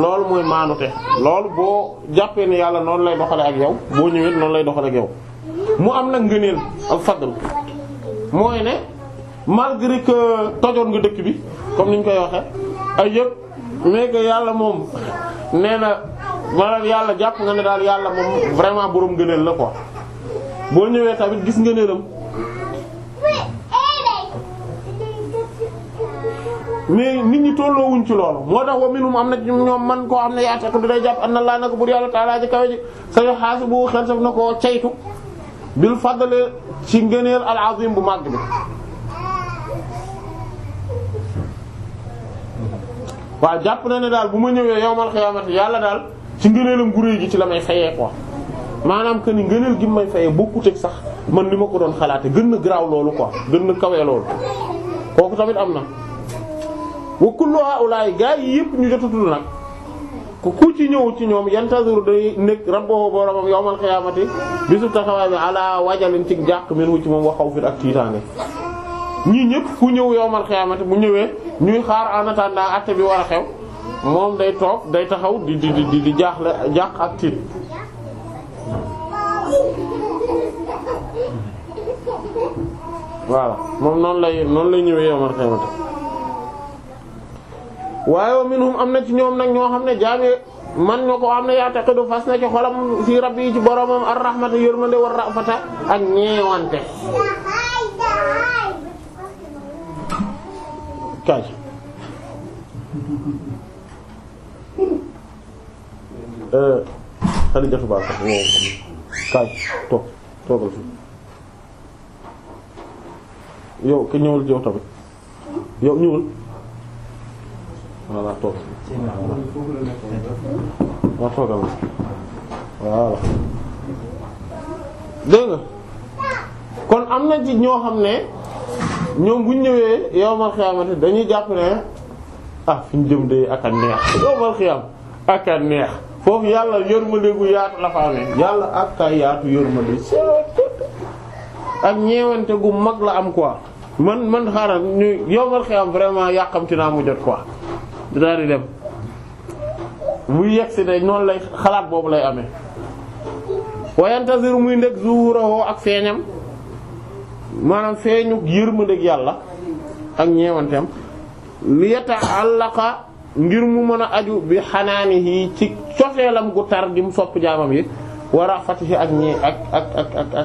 loolu mooy maandute loolu boo jàppee ni yàlla noonu lay doxale ak yow boo ñëwee noonu lay doxale ak yow mu am nag ngëneel ak fadl mooy ne malgré que tojoon nga dëkk bi comme ni ñu koy waxee ay yëpp mais que yàlla moom nee na maanaam yàlla jàpp nga ne daal yàlla moom vraiment borom gëneel la ko boo ñëwee tamit gis nga neelam mais nit ñi tolloowuñ ci loolu moo tax wa mu am na ñoom man koo xam ne ko di day jàpp an na laa nako bu yàlla taalaa ji kawe ji sayo xaasi bu xel saf na koo caytu bil fadle ci ngëneel al azim bu màgg bi waaw jàpp na ne daal bu ma ñëwee yowmal xiyaamati yàlla daal ci ngëneelam guré gi ci la may fayee ko maanaam ka ni ngëneel gi may fayee bokkut ak sax man li ma ko doon xalaate gën garaaw loolu quoi gën na kawee loolu kooku tamit am na wa kullu haula'i gaa yi yëpp ñu jotutul nag ku ku ci ñëw ci ñoom yantaziru day nekk rabbahu boromam yawmal xiyaamati bisu taxawaay bi ala wajalin ci jàq min wu ci moom waxaw fi ak tiitaange ñii ñëpp ku ñëw yawmal xiyaamati bu ñëwee ñuy xaar en attendant acte bi war a xew moom day toog day taxaw di di di jaaxle jaax ak tiit voilà moom noonu lay noonu lay ñëwee yowmal xiyaamati waaye wa minhum am na ci ñoom nag ñoo xam ne jaame man ñoo ko xam ne ya'taqidu fas na ci xolam fi rabbi ci boromam ar-rahmata yërmande war rafata ak ñeewante kaay xarijatu baa sax wow kaay toog toogal fi yow ka ñëwal yow tamit yow ñëwal voilà toog waa toogal voilà dégg nga kon am na ci ñoo xam ne ñoom bu ñëwee yowmal xiyaamati dañuy jàpp ne ah fi ñu jëm de ak a neex yowmal xiyaam ak a neex foofu yàlla yërmande gu yaatu la fa amee yàlla ak a yaatu yërmande ak ñeewante gu mag la am quoi man man xaaral ñu yowmal xiyaam vraiment yàqamti naa mu jot quoi daal di dem bu yegsi de noonu lay xalaat boobu lay amee wayantaziru muy ndeg zuhurahu ak feeñam maanaam feeñu yërmandeeg yàlla ak ñeewanteem li allaka ngir mu mën a aju bi yi ci cofeelam gu tar gi mu sopp jaamam yi wa rafatihi ak ñee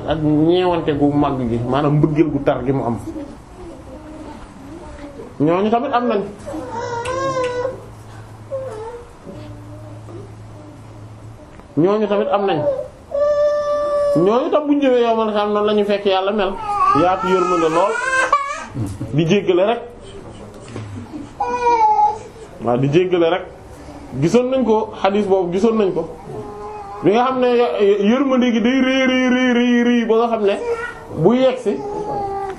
ak ñeewante gu màgg gi maanaam mbëggeel gu tar gi mu am ñooñu tamit am nañ ñooñu tamit am nañ ñooñu tam bu ñu yow man xam noonu la ñu fekk yàlla mel yaatu yërmande lool di jéggale rek waaw di jéggale rek gisoon nañ ko xadiis boobu gisoon nañ ko bi nga xam ne yërmande gi day rëy rëy rëy ba nga xam ne bu si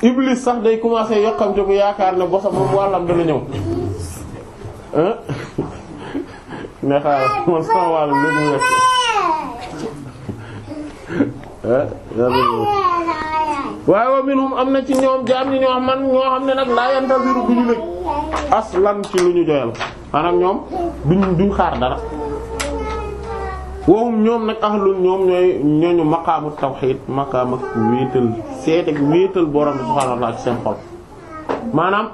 iblis sax day commencer yokkamte bu yaakaar ne bosam moom wàllam dana ñëw ne xaaral sama wàllam léegi mu yegsi waaw wa minhum am na ci ñoom jaam ñi ñoo man ñoo xam ne nag laa yantaziru du ñu nekk aslan ci lu ñu doyal maanaam ñoom duñ duñ xaar dara wowum ñoom nag ahlul ñoom ñooy ñu maqaamu tawxiid maqaam ak wéetal seet ak wéetal borom bi subhaanahu wa ak seen xol maanaam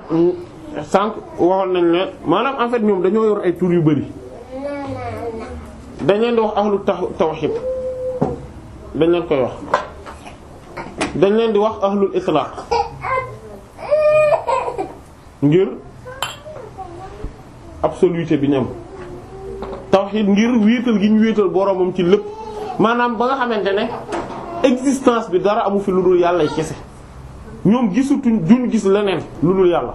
sànq waxoon nañ leen maanaam en fait ñoom dañoo yor ay tur yu bari dañ leen di wax ahlu tawxiid dañ leen koy wax dañ leen di wax ahlul itlaq ngir absoluté bi ñam tawhid ngir wéetal gi ñu wéetal boromam ci lépp maanaam ba nga xamante ne existence bi dara amu fi lu dul yàlla kese ñoom gisutuñ duñ gis leneen lu dul yàlla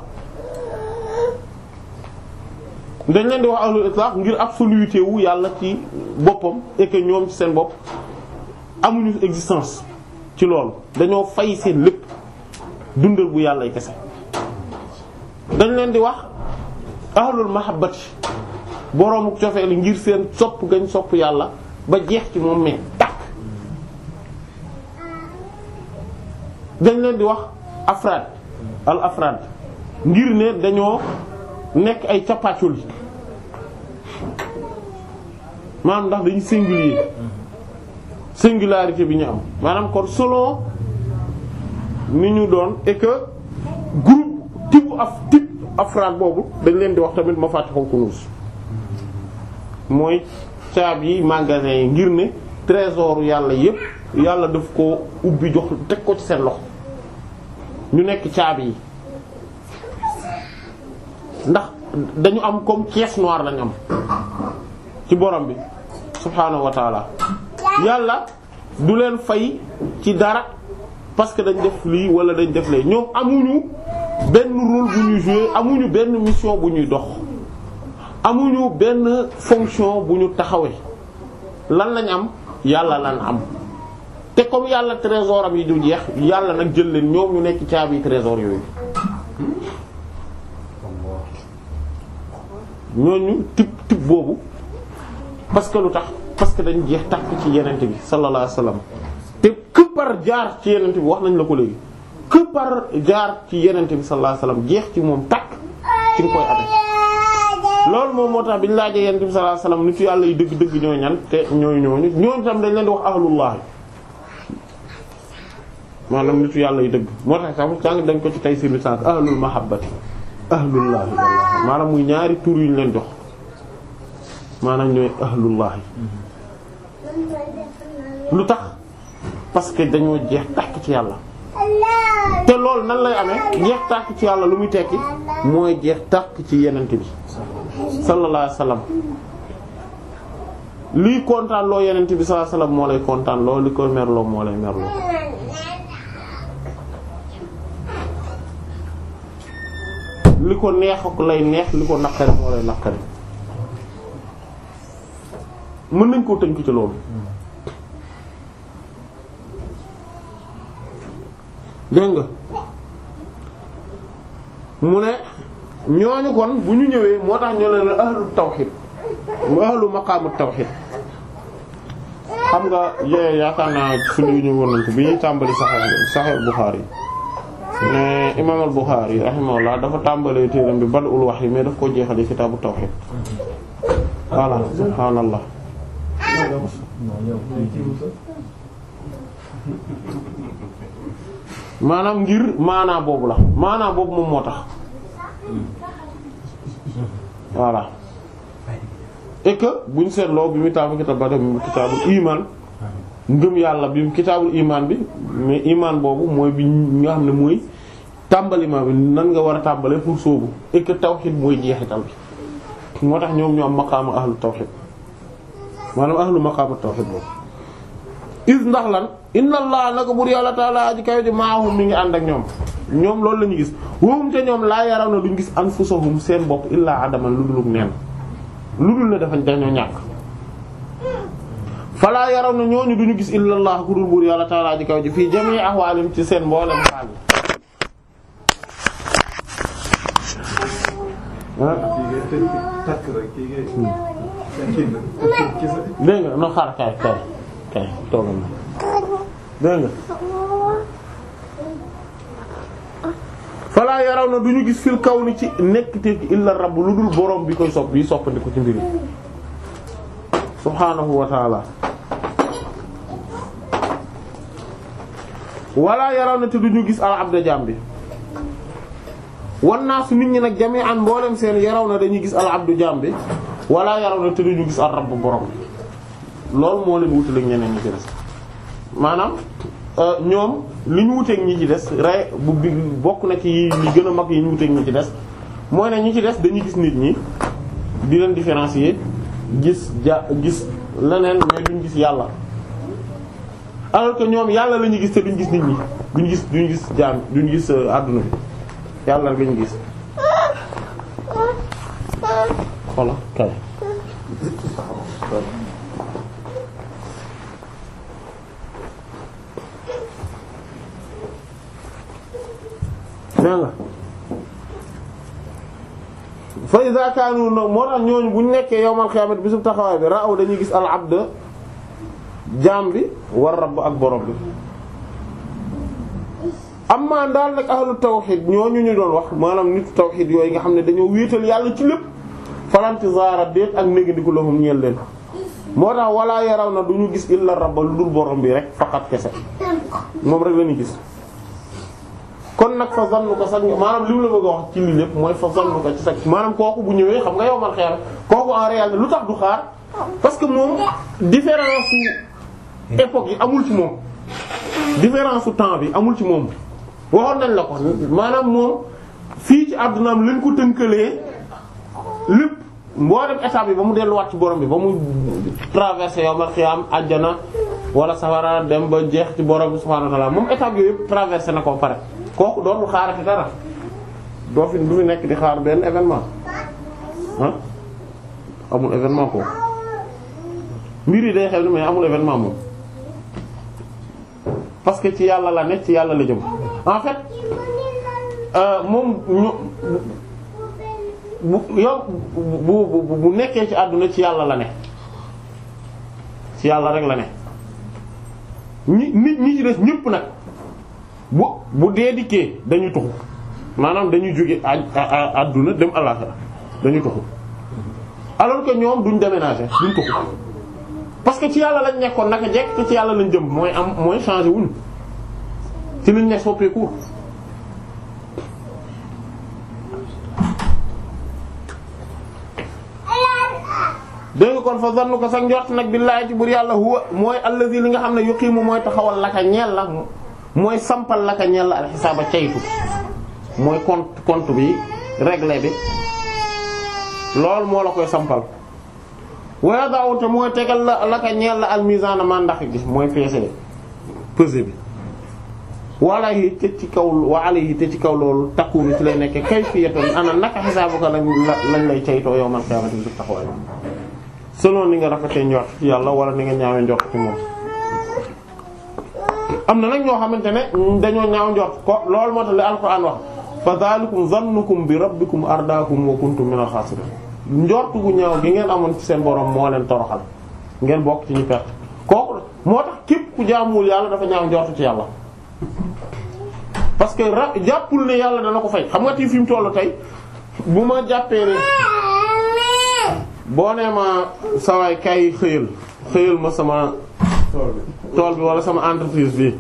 dañ leen di wax ahlul itlaq ngir absoluté wu yàlla ci boppam et que ñoom seen bopp amuñu existence ci loolu dañoo fay seen lépp dundal bu yàllay kese dañ leen di wax ahlul mahabbati boroomu cofeelu ngir seen sopp gañ sopp yàlla ba jeex ci moom mais takk dañ leen di wax afraad al afraad ngir ne dañoo nekk ay capacoli maanaam ndax dañu singulier singularité bi ñu am maanaam kon selon ni ñu doon et que groupe type af type afraad boobu dañ leen di wax tamit ma fàtte ko kunus mooy caab yi magasin yi ngir ne trésor yàlla yépp yàlla daf ko ubbi jox teg ko ci seen loxo ñu nekk caab yi ndax dañu am comme caisse noire lañ am ci borom bi subhaanahu wa yàlla du leen fay ci dara parce que dañ def lii wala dañ def lee ñoom amuñu benn rôle bu ñuy jouer amuñu benn mission bu ñuy dox amuñu benn fonction bu ñu taxawee lan lañ am yàlla lan am te comme yàlla trésor am yi du jeex yàlla nag jël leen ñoom ñu nekk caabi trésor yooyu ñooñu tip tip boobu parce que lu tax parce que dañ jeex tàkk ci yenente bi sallallahu alayhi wasallam te que par jaar ci yenente bi wax nañ la ko léegi que jaar ci yenente bi sallallahu alayhi wasallam jeex ci moom tàkk ci nga loolu moom moo tax bi ñu laajee yenente bi sallallahu alayhi wasallam nitu yàlla yi dëgg-dëgg ñooy ñan te ñooy ñooñu ñooñu tam dañ leen di wax ahlullah maanaam nitu yàlla yu dëgg moo tax dañ ko ci tay sirbi sànq ahlul mahabbati maanaam muy ñaari tur yu ñu leen jox maanaam ñooy ahlullahi lu tax parce que dañoo jeex tàkk ci yàlla te loolu nan lay amee jeex tàkk ci yàlla lu muy tekki mooy jeex tàkk ci yenent bi sallallahu alayhi wasallam liy kontaan loo yenent bi sallallahu alayhi wasallam moo lay kontaan loo li koy merloo moo lay merloo li ko neex ak lay neex li ko naqari moo lay naqari mën nañ koo tënk ci loolu dégg nga mu ne ñooñu kon bu ñu ñëwee moo tax ñoo leen ahlu tawxiid mu ahlu maqaamu tawxiid xam nga yee yaakaar naa suñu ñu woon nañ ko bi ñuy tàmbali saxee saxee Buxaari mais imaam al Buxaari rahimahullah dafa tàmbalee téeram bi Bad'ul yi mais daf ko jeexalee kitaabu tawxiid voilà subhaanallah maanaam ngir maanaa boobu la maanaa boobu moom moo tax voilà et que buñ seetloo bi mu taamu kitaab ba dem kitaabul iman ngëm yàlla bi kitaabul imaan bi mais iman boobu mooy bi nga xam ne mooy tàmbaliment bi nan nga war a tàmbalee pour sóobu et que tawxid mooy jeexital bi moo tax ñoom ñoo am maqaama ahlu tawxid maanaam ahlu maqaama tawxid boobu is ndax lan inna nag naka bur yàlla taala aji kawe ji maahum mi ngi ànd ak ñoom ñoom loolu la ñu gis wóom te ñoom laa yaraw na duñ gis anfusahum seen bopp illaa adaman lu duluk neen lu dul ne dafa dañoo ñàkk falaa yaraw na ñooñu duñu gis illa ku dul buur yàlla taala ji kawe ji fii jamii ahwaalim ci seen mboolem xaal yi dégg nga falaa yaraw na du ñu gis fil kaw ni ci nekk te illa rabb lu dul borom bi koy sopp bi soppandi ci mbiri subhaanahu wa taala wala yaraw na te du ñu gis al abda jaam bi wan naa su nit ñi nag jami am mboolem seen yaraw na dañuy gis al abdu jaam bi wala yaraw na te du ñu gis al rabb borom bi loolu moo leen wutale ñeneen ñi ci des maanaam euh, ñoom li ñu wuteeg ñi ci des rey bu bi bokk na ci li gën a mag yi ñu wuteeg ñi ci des mooy ne ñi ci des dañuy gis nit ñi di leen différencier gis ja gis leneen mais duñ gis yàlla alors que ñoom yàlla la ñuy gis te duñ gis nit ñi duñ gis duñ gis jaam ñu gis euh, àdduna bi yàlla la ñu gis dégg nga fa moo tax ñooñu bu ñu nekkee yawmal qiyaamati bisu taxawaay bi raaw dañuy gis al jaam bi war rabb ak borom bi. amma daal nag ahlu tawxiid ñooñu ñu doon wax maanaam nit tawxiid yooyu nga xam ne dañoo wéetal yàlla ci lépp falanti zaara déet ak négandiku lahum leen moo tax wala yaraw na du ñu gis illa rabba lu dul borom bi rek faqat kese moom rek lañu gis. kon nag fa zannu ko sax maanaam li la bëgg a wax ci lii lépp mooy fa zannu ko ci sax maanaam kooku bu ñëwee xam nga yow man xeer kooku en réalité lu tax du xaar parce que moom différence su époque yi amul ci moom différence su temps bi amul ci moom waxoon nañ la ko maanaam moom fii ci àdduna àddunaam lañ ko tënkalee lépp mboolem état bi ba mu delluwaat ci borom bi ba mu traversé yawmal xiyaam àjjana wala safara dem ba jeex ci borom bi subhaanahu wa ta'aala moom état yooyu yëpp traversé na ko pare. kooku dootul xaarati dara doo fi du fi nekk di xaar benn événement ah amul événement ko mbir yi xew ni mais amul événement moom parce que ci yàlla la ne ci yàlla la jëm en fait euh, nekkee ci àdduna ci yàlla la ne ci yàlla rek la ne ñi nit ñi ci des ñëpp nag. bu bu dee dikkee dañuy tuxu maanaam dañuy jóge àdduna dem àllaxira dañuy tuxu alors que ñoom duñ déménager duñ tuxu parce que ci yàlla lañ nekkoon naka jekk ci yàlla lañ jëm mooy am mooy changer wuñu ci liñ ne soppeeku dégg nga kon fa zannu ko sax njort nag billaahi ci bur yàlla huwa mooy allazi li nga xam ne yuqimu mooy taxawal laka ñeel la mooy sampal laka ñel la alxisaaba caytu mooy compte compte bi réglé bi loolu moo la koy sampal waaye daawute mooy tegal la laka ñel la almisaana ma ndax gi mooy peese pesé bi wala yi te ci kaw waala yi te ci kaw loolu takkuuru ci lay nekke kay fiyatoon ana naka xisaabuka lañ lañ lay caytoo yow man xiyamati bi su taxawaay ni nga rafetee njort ci yàlla wala ni nga ñaawee njort ci moom am na nag ñoo xamante ne dañoo ñaaw njort ko loolu moo tax li alquran wax fa zalikum zannukum bi rabbikum ardaakum wa kuntum min al-khasirin njort gu ñaaw gi ngeen amoon ci seen borom moo leen toroxal ngeen bokk ci ñu perte kooku moo tax képp ku jaamuwul yàlla dafa ñaaw njort ci yàlla parce que ra jàppul ne yàlla dana ko fay xam nga ti fi mu tollu tey bu ma jàppee ne boo nee ma sawaay kay xëyal xëyal ma sama tool bi walla sama entreprise bi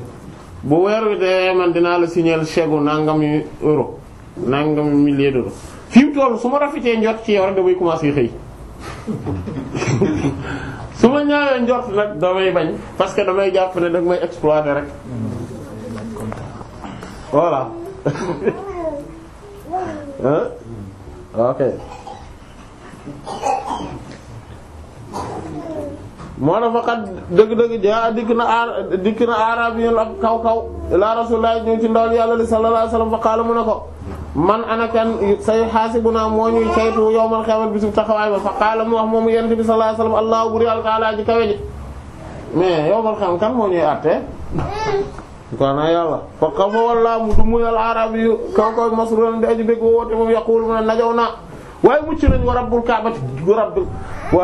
bu weer wi dee man dinaa la signaler chèque nangami euro nangami milliers d'euros fi mu toll su ma rafetee njort ci yow rek damay commencer xëy su ma ñaawee njort nag damay bañ parce que damay jàpp ne dag may exploiter rek voilà ok. moo na faqat dëgg-dëgg jaa dikk na aar dikk na arabiyun kaw kaw ila rasulillah ñëw ci ndawal yàlla li sallallahu alayhi wasallam fa qaala mu ne ko man anakan say xaasibuna moo ñuy saytu yowmal xewal bisu taxawaay ba fa qaala mu wax moomu yent bi sallallahu alayhi wasallam allahu bur yàlla taala ji kawe ji mais yowmal kan moo ñuy àttee kana yàlla fa qafa walla mu du muyal arabiyu kaw kaw masruran di aji bég woote moom yaqul mu ne najaw na waaye mucc nañ wa rabbul kaaba wa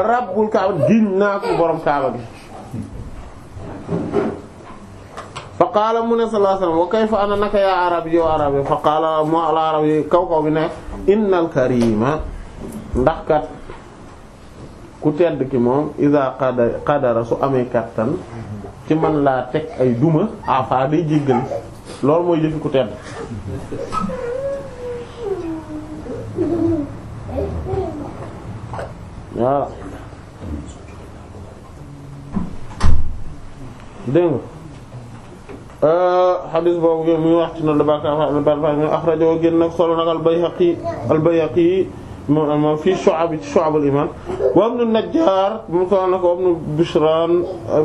naa ko borom kaaba gi fa qaala mu ne sallallahu alayhi wasallam wa kayfa ana naka yaa arab yow arab fa qaala moo al arab yi kaw kaw bi ne innal karima ndax kat ku tedd ki moom iza qadara su amee kattan ci man laa teg ay duma afa day jéggal loolu mooy jëfi ku tedd voilà dégg nga euh, xadis boobu muy wax ci noonu la barka axrajahu génn nag solo nag al-Bayhaqi al-Bayhaqi moom fii Shu'ab ci Shu'ab al-Iman wa Ibn Najjar moom solo na ko Ibn Bishran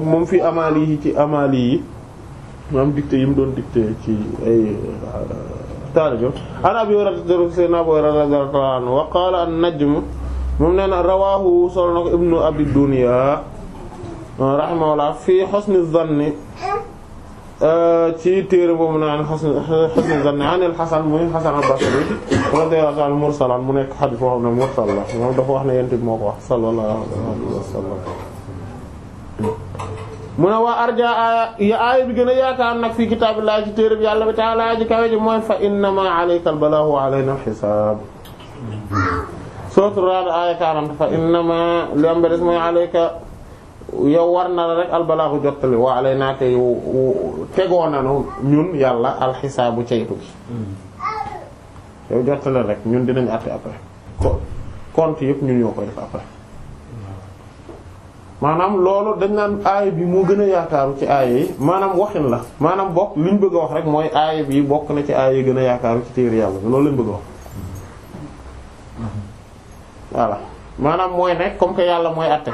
moom fii amali yi ci amali yi maanaam dicté yi mu doon dicté ci ay euh, taalibe an Abi Hurayra radiyallahu anhu wa qala an-najm moom nee na rawaahu solo na ko ibnu abi dunya rahimahullah fii husni zanni eh, ci téere boobu naan husni husni zanni anil hasan muy hasan al-basri radiyallahu anhu mursalan mu nekk hadith boo xam ne mursal la moom dafa wax ne yent bi moo ko wax sallallahu alayhi wa sallam mu ne waa arja aaya aaya bi gën a yaakaar nag fii kitaabillahi ci téere bi yàlla bi ta'ala ji kawe ji mooy fa innama alayka al-balaghu wa alayna al-hisaab sootu raad aaya 40 fa innama li am ba des mooy alayka yow war na la rek albalaaxu jottali wa alaynaa te tegoo nanu ñun yàlla alxisaabu ceytu gi hmm. yow jottali rek ñun dinañ àtte après compte yëpp ñun ñoo koy def après hmm. maanaam loolu dañ naan aaya bi moo gën a yaakaaru ci aaya yi maanaam waxin la maanaam bokk li ñu bëgg a wax rek mooy aaya bi bokk na ci aaya yi gën a yaakaaru ci téere yàlla bi loolu lañ bëgg a wax waaw maanaam mooy ne comme que yàlla mooy àtte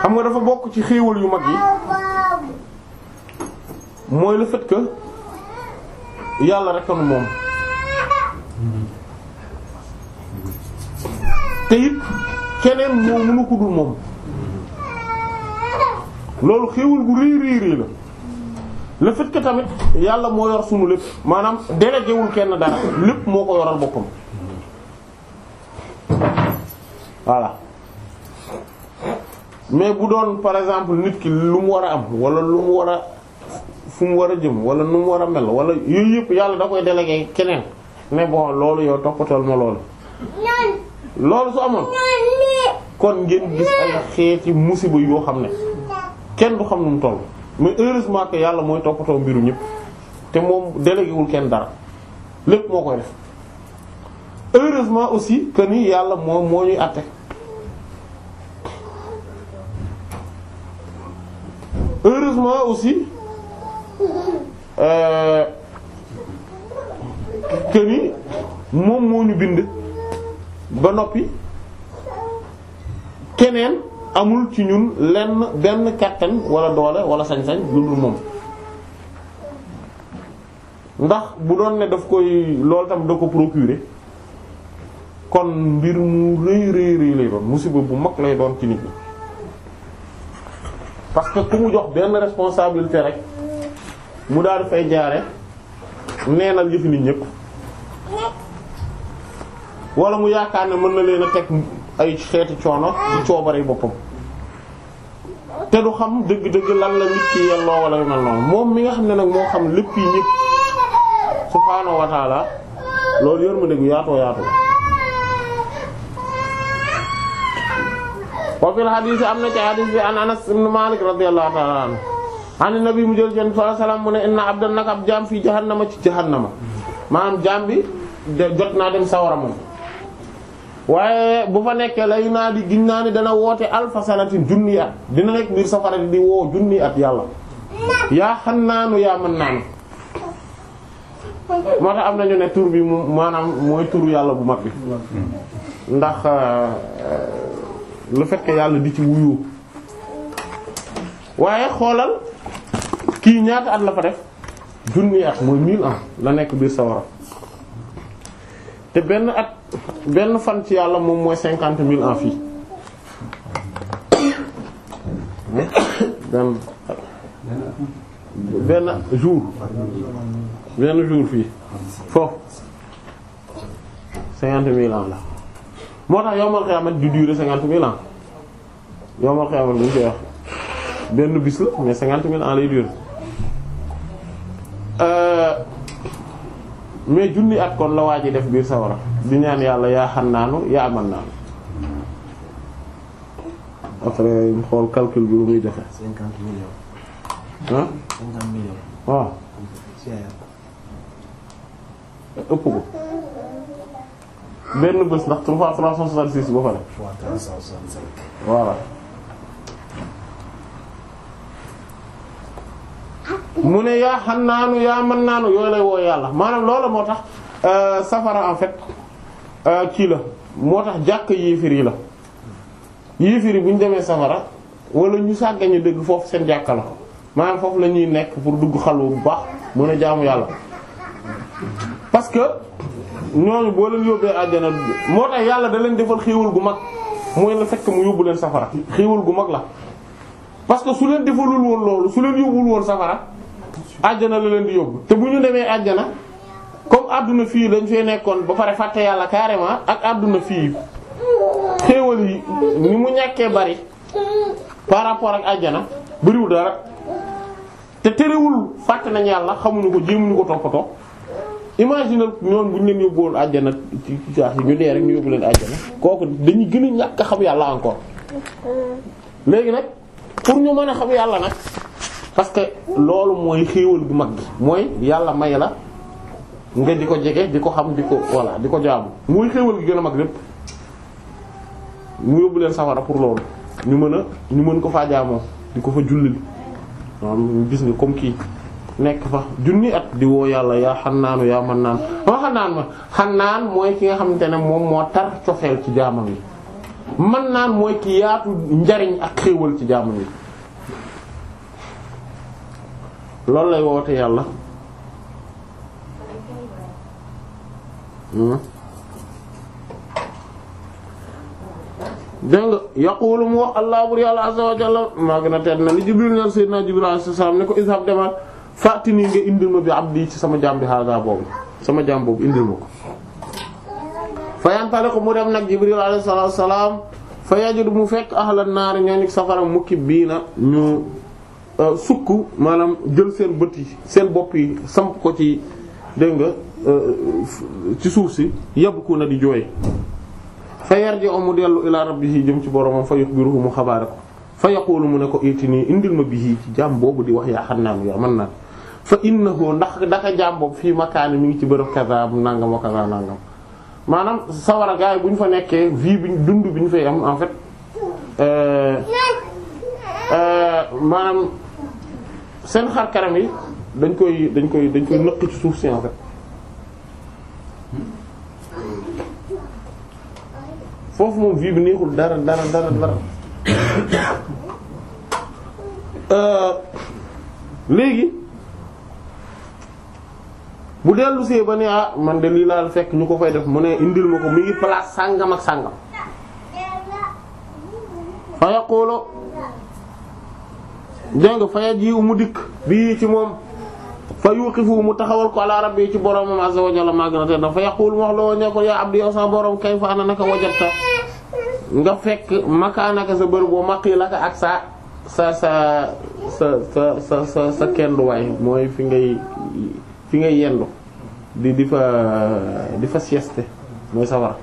xam nga dafa bokk ci xéewal yu mag yi mooy le fait que yàlla rek anu moom te it keneen moo mënu ko moom loolu xéewal bu réy réy la le fait que tamit yàlla moo yor sunu lépp maanaam délégué wul kenn dara lépp moo ko yoral boppam voilà mais bu doon par exemple nit ki lu mu war a am wala lu mu war a fu mu war a jëm wala nu mu war a mel wala yooyu yëpp yàlla da koy délégué keneen mais bon loolu yow toppatal ma loolu. loolu su amoon kon ngeen gis ay xeeti musiba yoo xam ne kenn du xam nu mu toll mais heureusement que yàlla mooy toppatoo mbiru ñëpp te moom délégué kenn dara lépp moo koy def. heureusement aussi que yàlla moom moo ñuy àtte heureusement aussi euh, ni moom moo ñu bind ba noppi keneen amul ci ñun lenn benn kàttan wala doole wala sañsañ sañ lu dul moom ndax bu doon ne daf koy loolu tam da ko procurer kon mbir mu rëy rëy rëy lay doon musiba bu mag lay doon ci nit ñi parce que ku mu jox benn responsabilité rek mu daal fay jaare neenal yëfi nit ñëpp wala mu yaakaar ne mën na leen a teg ay xeeti coono ci coobare boppam te du xam dëgg-dëgg lan la nit ki yelloo wala yu mel noonu moom mi nga xam ne nag moo xam lépp yi ñëpp loolu yërmande dëgg yaatoo yaatoo wa fil hadith am na ci hadith bi an Anas ibn Malik radiyallahu ta'ala anhu nabi mu jël jën fa salaam mu ne inna abdan naka ab jaam fii jahannama ci jahannama maanaam jaam bi jot naa dem sawara moom waaye bu fa nekkee lay naa di giñ naa ni dana woote alfa sanatin junni at dina nekk biir safara di woo junni at yàlla yaa xannaanu yaa mën naanu moo tax am nañu ne tur bi maanaam mooy turu yàlla bu mag bi ndax lu fait que yàlla di ci wuyu waaye xoolal kii ñaata at la fa def junni at mooy mille ans la nekk biir sawara te benn at benn fan ci yàlla moom mooy cinquante mille ans fii benn benn jour benn jour fii foofu cinquante mille ans la moo tax yowmal xiyaama du durer cinquante mille ans yowmal xiyaama bu ñu koy wax benn bis la mais cinquante mille euh, mais junni at kon la waa ji def biir sawara di ñaan yàlla yaa xannaanu yaa man naanu après xool calcul bi lu muy joxe. cinquante millions. ëpp ko. benn bés ndax 3 366 ba pare. 365. voilà mu ne yaa xannaanu yaa mën naanu yooyu lay woo yàlla maanaam loolu moo tax euh, safara en fait euh, kii la moo tax jàkk yéefir yi la yéefir yi bu ñu demee safara wala ñu sàggañu dëgg foofu seen jàkk la maanaam foofu la ñuy nekk pour dugg xalwa bu baax mën a jaamu yàlla parce ñooñu boo leen yóbbee àjjana moo tax yàlla da leen defal xéewal gu mag mooy la fekk mu yóbbu leen safara xéewal gu mag la parce que su leen defalul woon loolu su leen yóbbul woon safara àjjana la leen di yóbbu te bu ñu demee àjjana comme àdduna fii dañ fee nekkoon ba pare fàtte yàlla carrément ak àdduna fii xéewal yi ni mu ñàkkee bari par rapport ak àjjana bariwul dara te terewul fàtte nañ yàlla xamuñu ko jéemuñu ko toppatoo imagine ñoom bu ñu leen yóbbuwoon àjjana ci saa si ñu dee rek ñu yóbbu leen àjjana kooku dañuy gën a ñàkk a xam yàlla encore léegi nag pour ñu mën a xam yàlla nag parce que loolu mooy xéewal bu mag mooy yàlla may la nga di ko jege di ko xam di ko voilà di ko jaamu muy xéewal gi gën a mag lépp mu yóbbu leen safara pour loolu ñu mën a ñu mën ko faa jaamoo di ko fa jullil waaw gis nga comme kii nekk fa junni at di woo yàlla yaa xannaanu yaa man naan ma xannaan ma xannaan mooy ki nga xamante ne moom moo tar cofeel ci jaamam yi man naan mooy ki yaatu njariñ ak xéewal ci jaamam yi loolu lay woote yàlla hmm? dégg nga yaqulu mu wax allah bur yàlla azza wa jalla maa a tedd na li Jibril na sayyidina Jibril alayhi salaam ne ko ishab demal fàtti nii nga indil ma bi abdi ci sama jaam bi hada boobu sama jaam boobu indil ma ko fayantale ko mu dem nag jibril alayhi salaatu wassalaam fa yajudu mu fekk ahlan naar ñooñu safara mukki bii na ñu euh, sukk maanaam jël seen bët yi seen bopp yi samp ko ci dégg nga euh, ci suuf si yàbb ku na di jooy fa yarji mu dellu bi rabbihi jëm ci boromam fa yukhbiruhu mu xabaare ko fa yaqulu mu ne ko itini indil ma bihi ci jaam boobu di wax yaa xannaam yaa man naa fa ko ndax daka jaam boobu fii makaani mu ngi ci bërëb kazaab nangam wa kazaab nangam maanaam sawara bu ñu fa nekkee vie bi dund bi ñu fay am en fait euh, euh, maanaam seen xar kanam yi dañ koy dañ koy dañ koy nëq ci suuf si en fait foofu moom vie bi neexul dara dara dara dara euh, léegi. bu dellu see ba ne ah man de lii laal fekk ñu ko fay def mu ne indil ma ko mu ngi place sàngam ak sàngam fa yaqulu dégg fa yajiw mu dikk bii ci moom fa yuqifu mu taxawal ko ala rabbi ci boromam azza wa jalla maa gën a te da fa yaqul wax loo ne ko yaa abdi yow sa borom kay fa ana naka wajatta nga fekk makaanaka sa bër boo maqilaka ak sa sa sa sa sa sa sa kenn du mooy fi ngay fi ngay yendu di di fa di fa sieste mooy sawara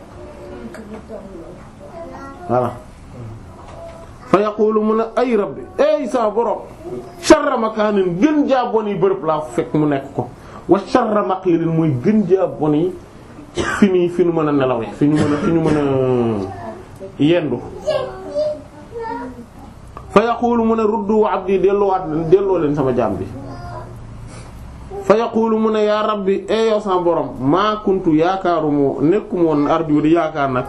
voilà fa mun a ay rabbi ay sa borom sharra makaanin gën jaa bon yi bërëb laa fekk mu nekk ko wa sharra maqlilin mooy gën jaa yi fi nii fi ñu mën a nelawee fi ñu mën a fi ñu yendu fa mun a ruddu abdi delloo at delloo leen sama jaam bi fa lu mu ne yaa bi e eh, yow sa borom maa kuntu yaakaaru moo nekkum woon arju di yaakaar nag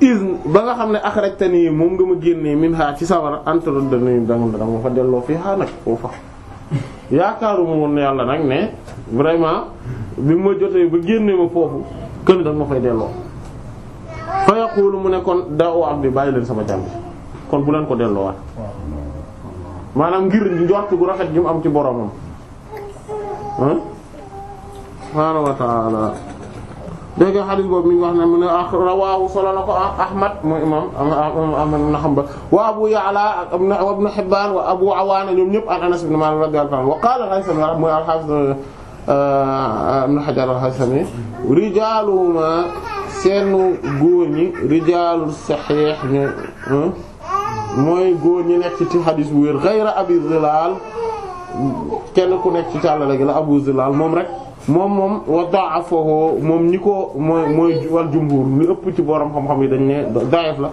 is ba nga xam ne axrajtani moom nga ma génnee min ha ci sawara antalol danañ danga danga fa delloo fii ha nag foofa yaakaaruma woon yàlla nag ne vraiment bi ma jotee ba génne ma foofu kën da ma fay delloo fa mu ne kon da'u abdi bàyyi leen sama jàmbi kon bu leen ko delloowaat maanaam ngir njort gu rafet gi mu am ci boromam subhaanahu wa ta'ala dégg nga xadis boobu mi ngi wax ne mu ne ah rawaahu solo na ko ah Ahmad mooy imam Ahmad ibn Hanbal wa Abu Ya'la ak Ibn Hibbaan wa Abu Awaana ñoom ñëpp an Anas ibn Maalik radiyallahu anhu wa qaala al-Haythami mooy al-Haafiz uh, ibn Hajar al-Haythami rijaaluhumaa seenu góor ñi rijaalu saxiix ñu mooy góor ñi nekk ci xadis bu wér ghayra Abi Dhilaal kenn ku nekk ci càllale gi la Abu Zilaal moom rek moom moom wa da'afahu moom ni ko mooy mooy wal jumhur lu ëpp ci booram xam-xam yi dañ ne da'if la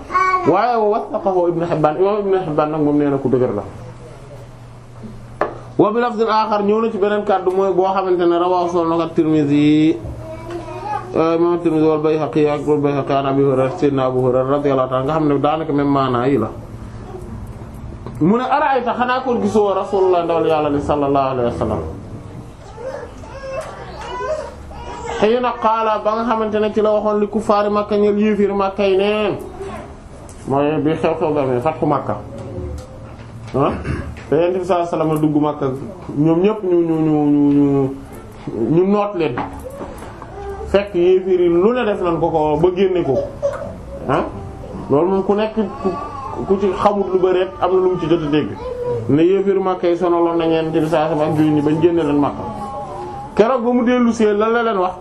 waaye wa wathaqahu Ibn Hibbaan imam Ibn Hibbaan nag moom ci beneen kàddu mooy boo xamante ne rawaw sol na ko Tirmidhi imam Tirmidhi wal Bayhaqi ak wal Bayhaqi an nga xam ne daanaka même maanaa yi la mu ne araayta xanaa ko gisoo rasulullah ndawal yàlla li sallallahu alayhi wa sallam xëy na ba nga xamante ne ci la waxoon li kuffaari Makka ñel yéefir Makka yi neen mooy bi xew-xew ba amee fatxu Makka ah te Yonent bi sallallahu alayhi wa dugg Makka ñoom ñépp ñu ñu ñu ñu ñu noot leen fekk yéefir lu ne def nañ ko ko ba génne ko ah loolu moom ku nekk ku ci xamut lu bëreet am na lu mu ci jot a dégg ne yéeféer Makka yi sonaloon na ñeen ci saa sama ak jullit ñi bañ génne leen Makka keroog ba mu dellu see lan la leen wax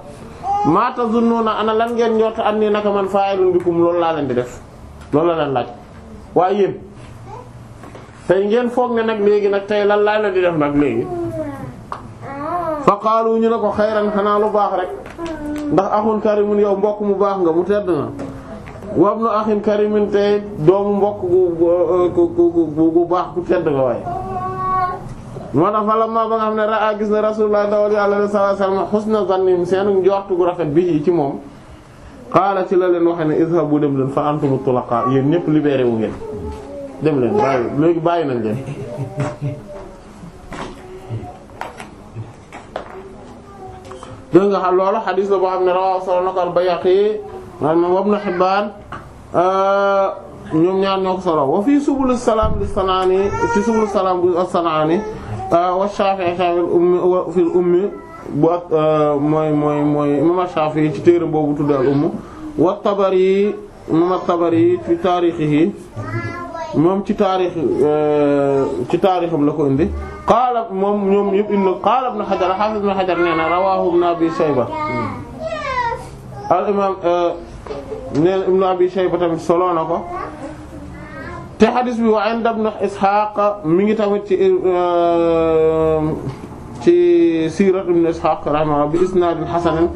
maa tazunnuna ana lan ngeen njort am ni naka man fa'ilun bikum lool laa leen di def loolu la leen laaj waaye yéen tey ngeen foog ne nag léegi nag tey lan laa leen di def nag léegi fa qaalu ñu ne ko xayran xanaa lu baax rek ndax axun karimun yow mbokk mu baax nga mu tedd na wabnu axin karimin tey doomu mbokk gu gu gu baax ku tedd nga waaye moo tax la ma ba nga xam ne raa gis na rasulullah dawal yàlla sallallahu alayhi wasallam husna zannim seen njort gu rafet bi ci moom ci la leen waxe ne izhabu dem leen fa antumu tulaqa yéen ñëpp libéré ngeen dem leen bàyyi léegi bàyyi nañ leen dégg nga xam loolu xadiis la boo xam ne rawaw solo na ko al Bayhaqi wal Ibn Hibbaan Euh, ñoom ñaar ñoo ko solo wa fii subul salaam li sanaani ci subul salaam bu sanaani euh, wa Shafi'i Shafi'i ummi wa fil ummi bu euh, ak mooy mooy mooy imam Shafi'i ci téere boobu tudd al umm wa Tabari imam Tabari fi taarixihi moom ci taarix ci taarixam la ko indi qaala moom ñoom yëpp indi qaala ibn Hajar hafiz ibn Hajar nee na rawaahu ibn Abi Shayba al imam nee na Ibn Abi Shayba tamit solo na ko te xadis bi wa inda Ibn Ishaq mi ngi tamit ci euh, ci siirat Ibn Ishaq rahimahullah bi isnaadin hasanin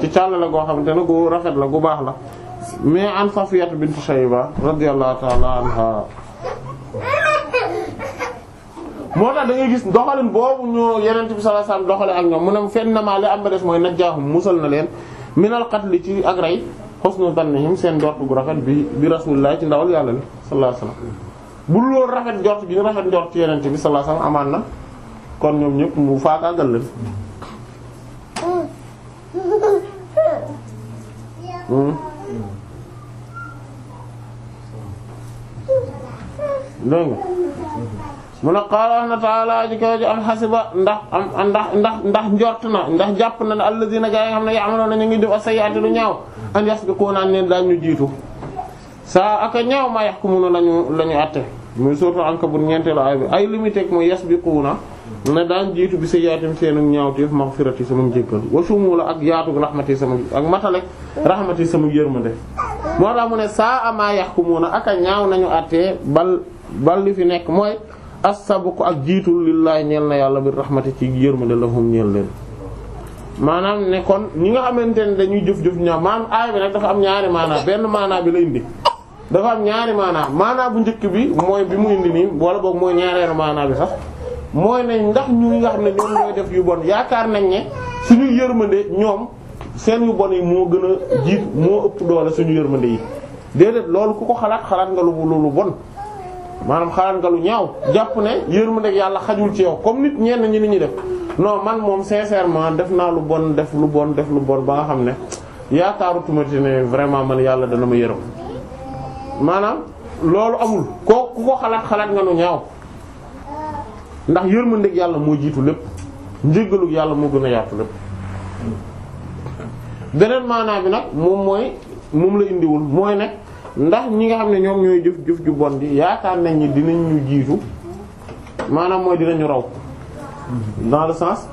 ci càll la goo xamante ne gu rafet la gu baax la mais an Safiyat bint Shayba radiyallahu ta'ala anha moo tax da ngay gis doxalin boobu ñoo Yonent bi sallallahu alayhi wasallam doxale ak ñoom mu ne na maa li am ba des mooy najjaahum musal na leen minal qatl ci ak husnu dannihim seen njort gu rafet bi bi rasulillah ci ndawal yàlla li sallallahu alayhi wasallam bu loolu rafet njort gi ñu rafet njort ci yenente bi sallallahu alayhi wasallam amaan na kon ñoom ñëpp mu faagaagal leen hmm? dégg nga mu ne qaala wax na taala ji koy ji am xasiba ndax am ndax ndax ndax njort na ndax jàpp na ne alladina gaa yi nga xam ne ya'maluna ñu ngi def as-sayyi'ati lu ñaaw an yasbiquna ne daañu jiitu saa aka ñaaw maa yahkumuna lañu lañu àtte muy sourate Ankabut ñeenteelu aay bi ay limité mooy yasbiquna ne daan jiitu bi sa yaatim seenu ñaawteef maghfirati sama njéggal wa shumula ak yaatu rahmati sama ak matale rahmati sama ma de moo tax mu ne saa amaa yahkumuna aka ñaaw nañu àtte bal bal li fi nekk mooy as ko ak jiitul lillahi ñeel na yàlla bi rahmati ci yërmande lahum ñeel leen maanaam ne kon ñi nga xamante ne dañuy jëf-jëf ñaaw maanaam aay bi nag dafa am ñaari maanaa benn maanaa bi la indi dafa am ñaari maanaa maanaa bu njëkk bi mooy bi mu indi nii wala boog mooy ñaareelu maanaa bi sax mooy ne ndax ñu nga xam ne ñoom ñooy def yu bon yaakaar nañ ne suñu yërmande ñoom seen yu bon yi moo gën a jiit moo ëpp doole suñu yërmande yi déedéet loolu ku ko xalaat xalaat nga lu lu bon maanaam xalaat nga lu ñaaw jàpp ne yërmandeeg yàlla xajul ci yow comme nit ñeen ñi ni ñuy def non man moom sincèrement def naa lu bon def lu bon def lu bon ba nga xam ne yaakaarutuma ci ne vraiment man yàlla dana ma yërëm maanaam loolu amul koo ku ko xalaat xalaat nga lu ñaaw ndax yërmandeeg yàlla moo jiitu lépp njëggalug yàlla moo gën a yaatu lépp beneen maanaa bi nag moom mooy moom la indiwul mooy nekk. ndax ñi nga xam ne ñoom ñooy jëf jëf ju bon di yaakaar nañ ni dinañ ñu jiitu maanaam mooy dinañu raw dans le sens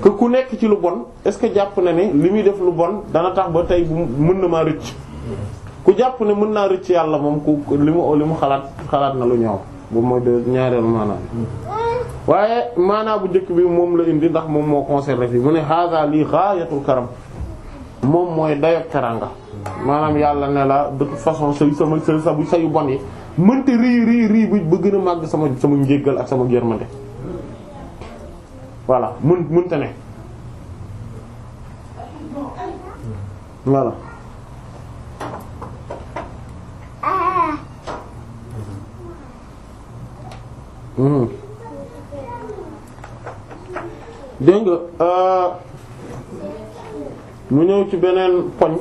que ku nekk ci lu bon est-ce que jàpp na ne li muy def lu bon dana tax ba tey mën na maa rëcc ku jàpp ne mën naa rëcc yàlla moom ku li mu li mu xalaat xalaat na lu ñaaw bu mooy de ñaareelu maanaam waaye maanaam bu njëkk bi moom la indi ndax moom moo concerné fi mu ne hada li ghayatul karam moom mooy dayo teranga maanaam yàlla ne la de toute façon say sama sa sa sayu bon yi mënte rii rii rii ba gën a màgg sama sama njéggal ak sama yërmande voilà mën mënte ne voilà hmm. dégg nga euh, mu ñëw ci beneen poñ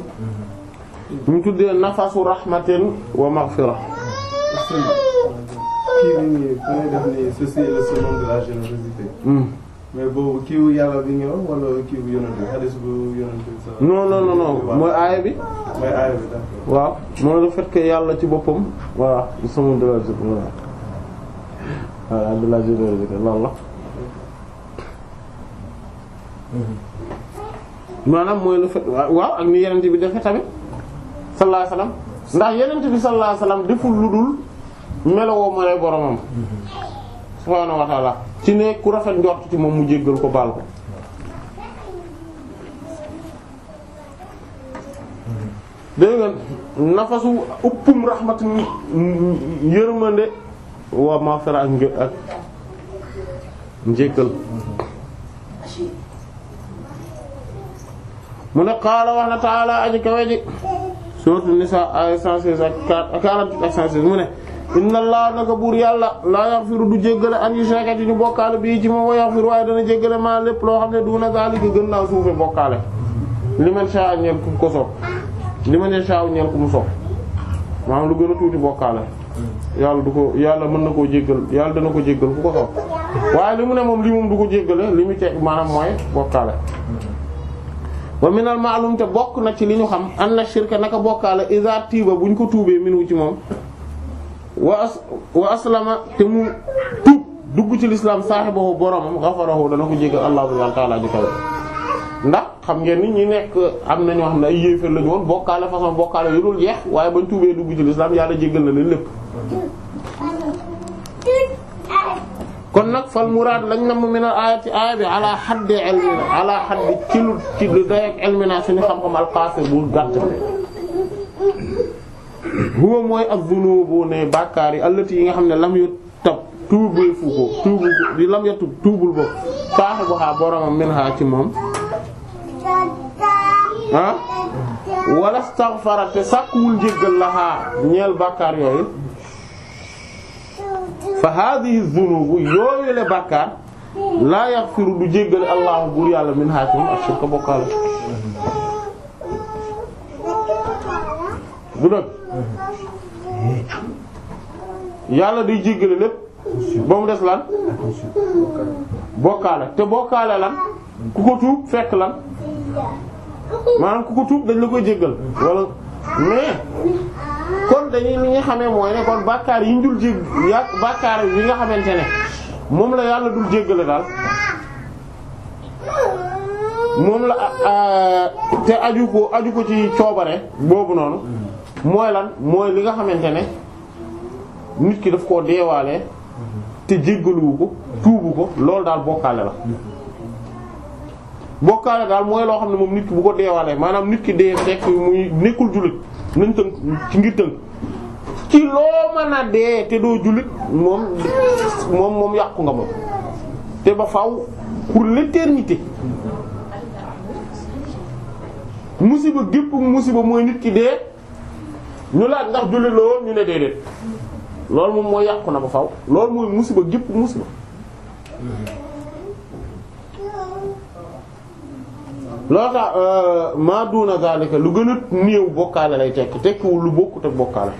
mu tuddee nafasu rahmatin wa maghfira kii nii ku ne hmm. mais boobu kiiwu yàlla bi ñëw wala kiiwu mooy aaya bi waaw mooy le fait que yàlla ci boppam voilà le summum hmm. maanaam mooy le fait waaw ak ni yonent bi defee tamit sallallahu alayhi wasallam ndax yenent bi sallallahu alayhi lu dul melowoo ma lay boromam subhaanahu wa ci ne ku rafet njort moom mu jéggal ko baal ko dégg nafasu uppum rahmatin yërmande waa maafara ak një mu ne qaala wax na ta'ala aji kawe ji sourate Nisaa ay 116 ak 48 ak 116 mu ne inna Allaha naka buur yàlla laa yaghfiru du jéggale an yushraka ci ñu bokkaale bii ci moom wa yaghfiru waaye dana jéggale maa lépp loo xam ne duuna zaalika gën naa suufe bokkaale liman shaa'a ñeel ku ko soob liman yashaa'u ñeel ku mu soob maanaam lu gën a tuuti bokkaale yàlla du ko yàlla mën na koo jéggal yàlla dana ko jéggal ku ko soob waaye li ne moom li du ko jéggale li mu teg wa minal maalum te bokk na ci li ñu xam an na shirka naka bokkaale iza tiiba bu ñu ko tuubee minu ci moom wa as wa aslama te mu tuub dugg ci lislaam saaxibahu boromam ghafarahu dana ko jéggal allahu yàlla taala ji kaw ndax xam ngeen ni ñi nekk am na ñoo xam ne ay yéefar lañu woon bokkaale façon bokkaale yu dul jeex waaye bañ tuubee dugg ci lislaam yàlla jéggal na leen lépp kon nag fal muraad lañ nam min al aaya bi ala xaddi ilmina ci lu ci lu dayak suñu xam-xam alxaasir bu gàtt huwa mooy az-zunubu ne bàkkaar yi allati yi nga xam ne lam yu tab tuubee fu ko tuubu di lam yatub tuubul ba faaxi ba xaa boromam min xaa ci moom ah wala staghfara te sàkkuwul jéggal la xaa ñeel bàkkaar yooyu fa hadhihi dhunubu yooyu le bàkkaar laa yaghfiru du jéggale allah buur yàlla min haacimum ak shirka bokkaale bu dëgg yàlla day jéggale lépp ba mu des lan bokkaale te bokkaale lan ku ko tuub fekk lan maanaam ku ko tuub dañ la koy jéggal wala mais kon dañuy li nga xamee mooy ne kon bàkkaar yi ñu dul jég ya bàkkaar yi nga xamante ne moom la yàlla dul jéggale daal moom la te aju ko aju ko ci coobare boobu noonu mooy lan mooy li nga xamante ne nit ki daf koo deewaale te jéggaluwu ko tuubu ko loolu daal bokkaale la bokkaale daal mooy loo xam ne moom nit ki bu ko deewalee maanaam nit ki dee fekk muy nekkul jullit nañ tënk ci ngir tënk ci loo mën a dee te doo jullit moom moom yàqu nga moom te ba faw pour l'éternité musiba gépp musiba mooy nit ki dee ñu laaj ndax jullit la ñu ne déedéet loolu moom mooy yàqu na ba faw loolu mooy musiba gépp musiba. loolu tax euh, maa duuna zalika lu gën a néew bokkaale lay tekki tekkiwul lu bokkut ak bokkaale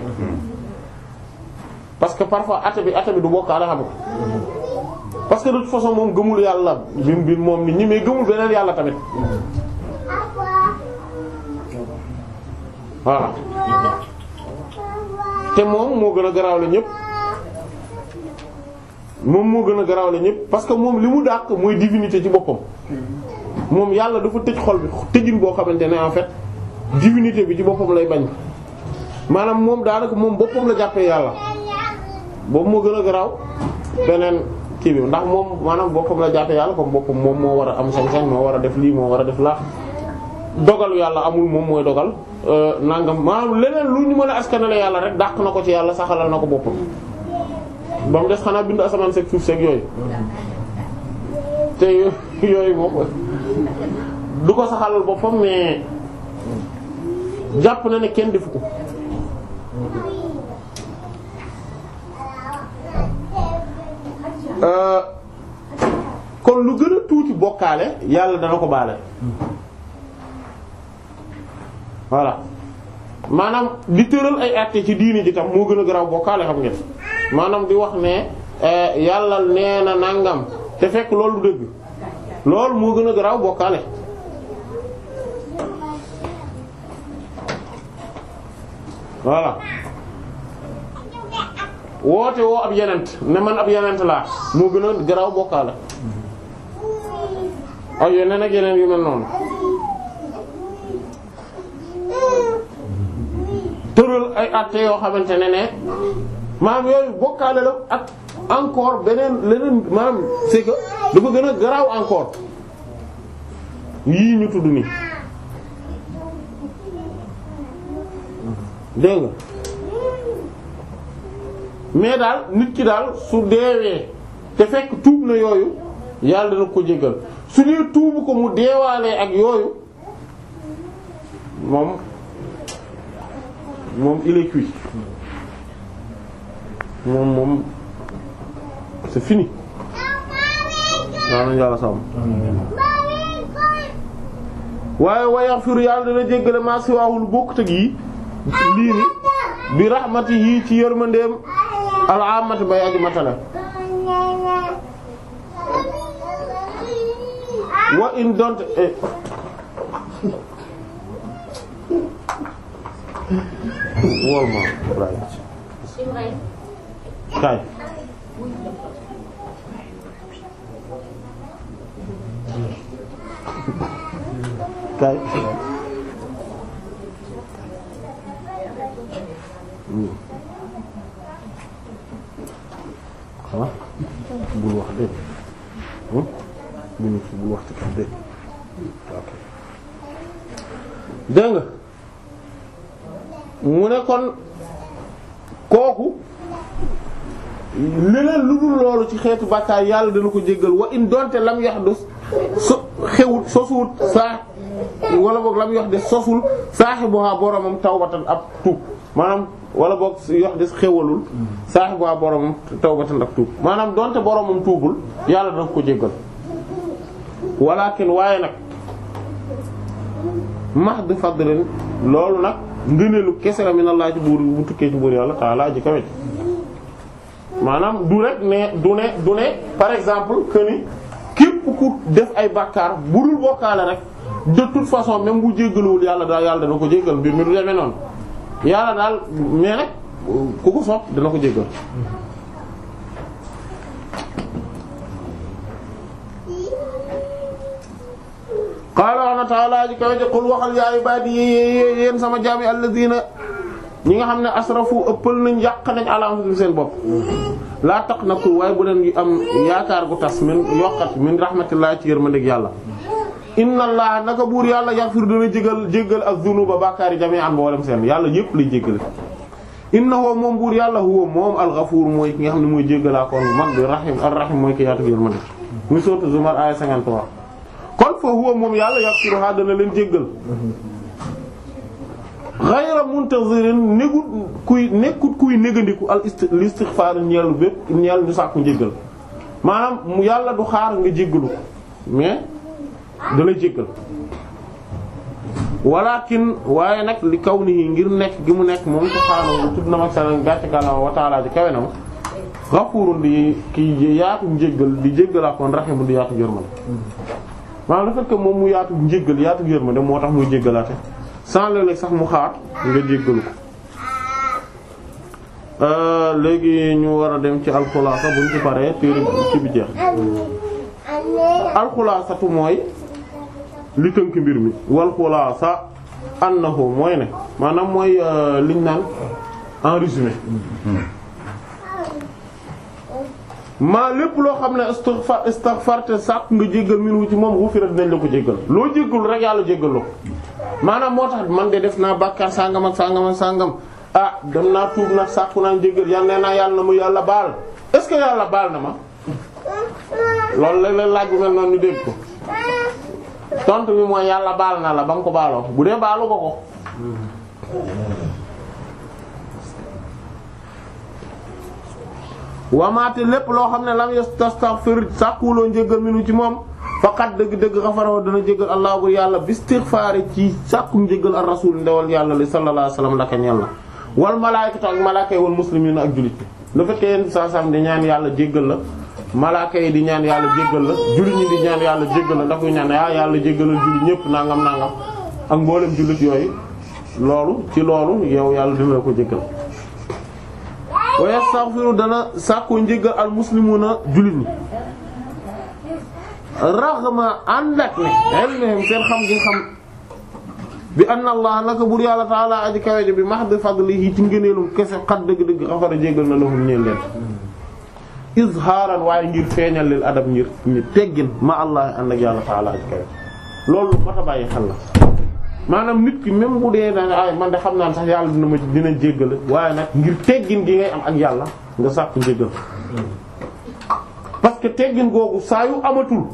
parce que parfois ate bi ate bi du bokkaale xam nga parce que de façon moom gëmul yàlla bi bi moom nit ñi mais gëmul beneen yàlla tamit voilà te moom moo gën a garaaw la ñëpp moom moo gën a garaaw la que moom li mu dàq mooy divinité ci boppam moom yàlla dafa tëj xol bi tëjin boo xamante ne en fait divinité bi ci boppam lay bañ maanaam moom daa daanaka moom boppam la jàppee yàlla boobu moo gën a garaaw beneen kii bi ndax moom maanaam boppam la jàppee yàlla comme boppam moom moo war a am sañ-sañ moo war a def lii moo war a def laa dogalu yàlla amul moom mooy dogal euh, nangam maanaam leneen lu ñu mën a askanale yàlla rek dàq na ko ci yàlla saxalal na ko boppam ba mu des xanaa bind asamaan seeg suuf seeg yooyu yooyu du ko saxalal boppam mais jàpp na ne kenn defu ko euh, kon lu gën a tuuti bokkaale yàlla dana ko baale voilà maanaam di tëral ay àtte ci diini ji tam moo gën a garaaw bokkaale xam ngeen maanaam di wax ne euh, yàlla nee na nangam te fekk loolu dëgg lool moo gën a garaaw bokkaale voilà woote woo ab yenent ne man ab yenent laa moo gën a garaaw bokkaale ay yeneen ak yeneen yu mel noonu tëral ay àtte yoo xamante ne ne maam yooyu bokkaale la ak encore beneen leneen maanaam c'est que dafa gën a garaaw encore yii ñu tudd nii dégg mais daal nit ki daal su deewee te fekk tuub na yooyu yàlla dana ko jéggal su dee tuubu ko mu deewaalee ak yooyu moom moom il est moom moom. c'est fini. naanañu yàlla sàmm waaye wayaxfiru yàlla dana jéggale maa si waawul bokkutëg yi lii bi raxmati yi ci yërmandeem alamati ba yaaji matale wa in donte eh. wool kay bul wax dégg bul wax ci kaw dégg dégg nga mu ne kon kooku leneen lu dul loolu ci xeetu bàkkaar yàlla dana ko jéggal wa in donte lam yahdus so xewut sosuwut saa wala boog la muy yox des sosul saaxibuha boromam tawbatan wala boog yox des xewalul saaxibuha boromam tawbatan ab tuub maanaam donte boromam tuubul yàlla danga ko jéggal walakin waaye nag mahd fadlin loolu nag ngëneelu kese la laa ci buur bu tukkee ci buur yàlla taala ji kawet maanaam du rek ne du ne du ne par exemple que képp ku def ay bàkkaar bu dul bokkaale rek de toute façon même bu jéggaluwul yàlla daal yàlla dana ko jéggal mbir mi du demee noonu yàlla daal mais nag ku ko sopp dana ko jéggal qaala wa ta'ala ji kawe ji qul waxal yaa ibaadi yéen sama jaami alladina ñi nga xam ne asrafu ëppal nañ yàq nañ ala anfusihim seen bopp laa taqnatu waaye bu leen am yaakaar gu tas min yokkat min rahmatillahi ci yërmandeeg yàlla inna allah yàlla yaghfir dana jégal jégal yàlla yépp lay jéggale innahu moom buur yàlla huwa moom al-Ghafuur mooy ki nga xam ne mooy jéggalaa koon bu mag bi rahim ar-rahim mooy ki yaatu yërmande muy sourate Zumar aya 53 kon fa huwa moom yàlla yaghfiruha dana leen jéggal ghayra muntazirin négut kuy nekkut kuy négandiku al ist l'istighfar ñeel bépp ñeel ñu sàkku njéggal maanaam mu yàlla du xaar nga jéggalu mais da lay jéggal walakin waaye nag li kaw nii ngir nekk ki mu nekk moom subhaanahu tub na mag sanan gàcc gàllama wa ta'ala ji kawe na ma ghafurun di ki yaatu njéggal di jéggalaakoon rahimun di yaatu yërmande maanaam le fait moom mu yaatu njéggal yaatu yërmande moo tax muy jéggalaate sans léeg sax mu xaar nga jéggalu ko euh, léegi ñu war a dem ci alxulaasa buñ ci paree téere ci bi jeex alxulaasatu mooy li tënk mbir mi wal xulaasa annahu mooy ne maanaam mooy euh, liñ naan en résumé maa lépp loo xam ne istaghfar istaghfar te sàkk nga jéggal mi wu ci moom wu fi rek dinañ la ko jéggal loo jéggalu rek yàlla jéggal la ko maanaam moo tax man de def naa bàkkaar sàngam ak sàngam ak sàngam ah dem naa tuub nag sàkku naa njéggal yal nee naa yàlla na mu yàlla baal est-ce que yàlla baal na ma loolu la la laaj bu mel bi mooy yàlla baal na la ba nga ko baaloo bu dee baalu ko ko wamaate lépp loo xam ne lam yastaghfir sàkkuwuloo njéggal minu ci moom faqat dëgg-dëgg xafaraw dana jégal allah bu yàlla bi istighfaari ci sàkku njégal ar rasul ndewal yàlla li sallallahu alayhi wasallam laka la wal malaayikatu ak malaaka yi wal muslimiin ak jullit le fait que yéen saa saam yàlla jéggal la malaaka yi di ñaan yàlla jéggal la jullit ñi di ñaan yàlla jéggal la ndax ñu ñaan ah yàlla jéggalal jullit ñépp nangam nangam ak mboolem jullit yooyu loolu ci loolu yow yàlla dina la ko jéggal. wa yastaghfiru dana sàkku njéggal al muslimuna jullit raxma ànd ak ne ilmihim seen xam gi xam bi anna allah naka bur yàlla taala aji kawejo bi mahd fadlihi ci ngëneelum kese xat dëgg-dëgg xafara jégal na lahum ñeen leen izhaaran waaye ngir feeñal lil adab ngir ñu teggin ma allah ànd ak yàlla taala aji kawejo loolu lu mat a bàyyi xel la maanaam nit ki même bu dee da man de xam naa sax yàlla dina dina jéggale waaye nag ngir teggin gi ngay am ak yàlla nga sàkk njéggal hmm. parce que teggin googu saa yu amatul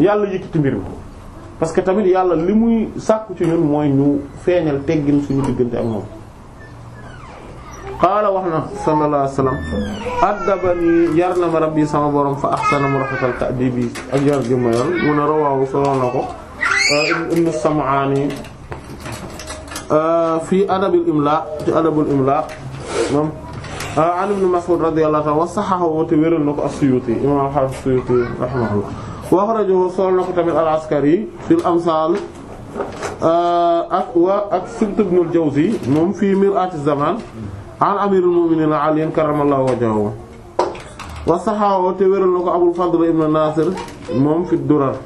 yàlla yëkkati mbir mi parce que tamit yàlla li muy sàkku ci ñun mooy ñu feeñal teggin suñu diggante ak moom qaala wax na sallallahu alayhi wasallam addabani yar na ma rabbi sama borom fa ahsana mu rafetal ta'dibi ak yar gi ma yar mu ne rawaawu solo na ko ibnu samaani euh, fi adabil imla ci adabul imla moom an ibn mas'ud radiyallahu ta'ala wa sahahahu wa wéral na ko as-suyuti imam al-hafiz as-suyuti rahimahullah wa axrajahu sol na ko tamit al-Askari fil amsal euh, ak wa ak Sibt ibn al-Jawzi moom fii Mir'at az-Zaman an amirul mu'minin Ali karramallahu wajhahu wa te wéral na ko Abul Fadl ibn Nasir moom fi Durar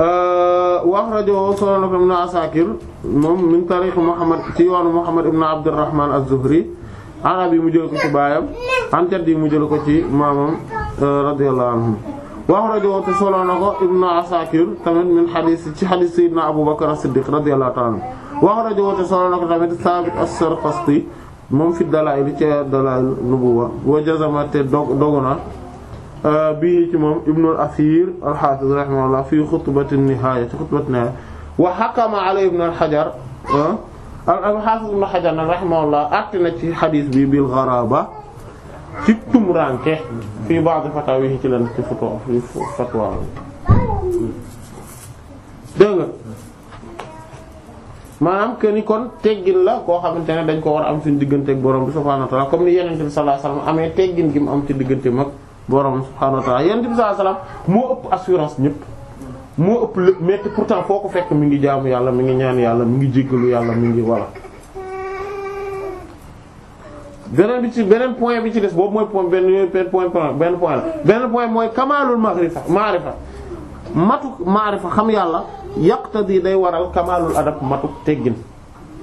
euh, wa axrajahu ko Ibn Asakir moom min tariq Muhammad ibn Abdurrahman az-Zuhri an abi mu jël ko ci baayam an jaddi mu jël ko ci maamam euh, radiyallahu anhu wax rajo te solo na ko Ibn Asakir tamit min xadis ci xadis Sayyidina Abu Bakr as-Siddiq radiyallahu ta'ala anhu wax rajo te solo na ko tamit Sabit as-Sarqasti moom fi Dalaa'il ci Dalaa'il Nubuwwa wa jazama te dog dogu na euh, bii ci moom Ibn al-Athir al-Hafiz rahimahullah fi xutbati nihaaya ci xutbati nihaaya wa hakama alay Ibn al-Hajar euh, al-Hafiz Ibn Hajar rahimahullah àtte na ci xadis bi bil gharaba ci tumuraanke fii ba'd fataawa yi ci lan ci fatwa fi fatwa dégg maanaam que kon teggin la koo xamante ne dañ ko war a am suñu diggante ak borom bi subhaanahu wa comme ni Yonent bi sallallahu alayhi amee teggin gi mu am ci diggante mag borom subhaanahu wa ta'aala Yonent bi sallallahu alayhi moo ëpp assurance ñëpp moo ëpp lépp mais pourtant foo ko fekk mu ngi jaamu yàlla mi ngi ñaan yàlla mu ngi jéggalu yàlla mi ngi walla beneen bi ci beneen point bi ci des boobu mooy point benn benn point benn point la benn point mooy kamaalul maarifa maarifa matuk maarifa xam yàlla yaqtadi day waral kamaalul adab matuk teggin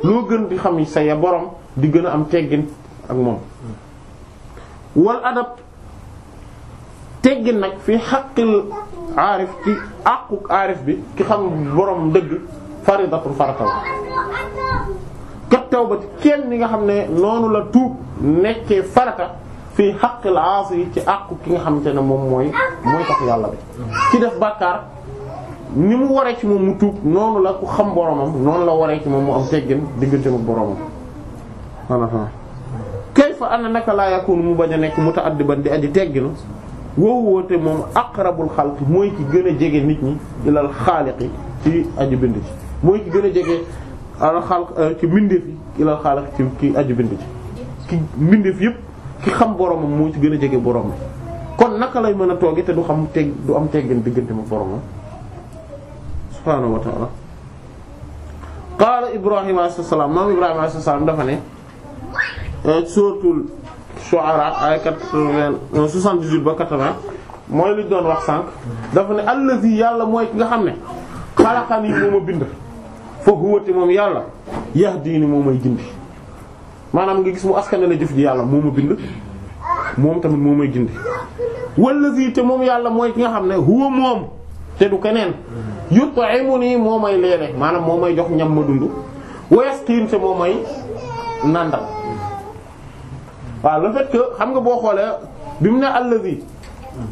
loo gën di xam sa ya borom di gën a am teggin ak moom wal adab teggin nag fi xaqil aarif ci àquk aarif bi ki xam borom dëgg faridatun farata kat tawbati kenn ni nga xam ne noonu la tuub nekkee farata fii xaq la yi ci àqu ki nga xamante ne moom mooy mooy tax yàlla bi ci def bàkkaar ni mu waree ci moom mu tuub noonu la ku xam boromam noonu la waree ci moom mu am teggin diggante ak boromam kayfa ana naka laa yakunu mu bañ a nekk muta'addiban di aji tegginu woowu woote moom aqrabul xalq mooy ki gën a jege nit ñi ilal xaaliqi ci aji bind ci mooy ki gën a jege al xalq ci euh, mbindeef yi ilal xaalaq ci ki aju bind ci ki mbindeef yëpp ki xam boromam moo ci gën a jege boromam kon naka lay mën a tooge te du xam teg du am teggin diggante ma boromam subhaanahu wa ta'ala qaala ibrahim alayhi salaam maam ibrahim alayhi salaam dafa ne euh, suuratul shu'ara ay 80 78 ba 80 mooy li doon wax sànq dafa ne allazi yàlla mooy ki nga xam ne xalaqani moo ma bind fa huwati moom yàlla yahdiini moo may gindi maanaam nga gis mu askane la jëf ji yàlla moo ma bind moom tamit moo may gindi wallazi te moom yàlla mooy ki nga xam ne huwa moom te du keneen yut'imuni moo may leere maanaam moo may jox ñam ma dund wa yasqin te moo may nàndal waaw le fait xam nga boo xoolee bi mu ne allazi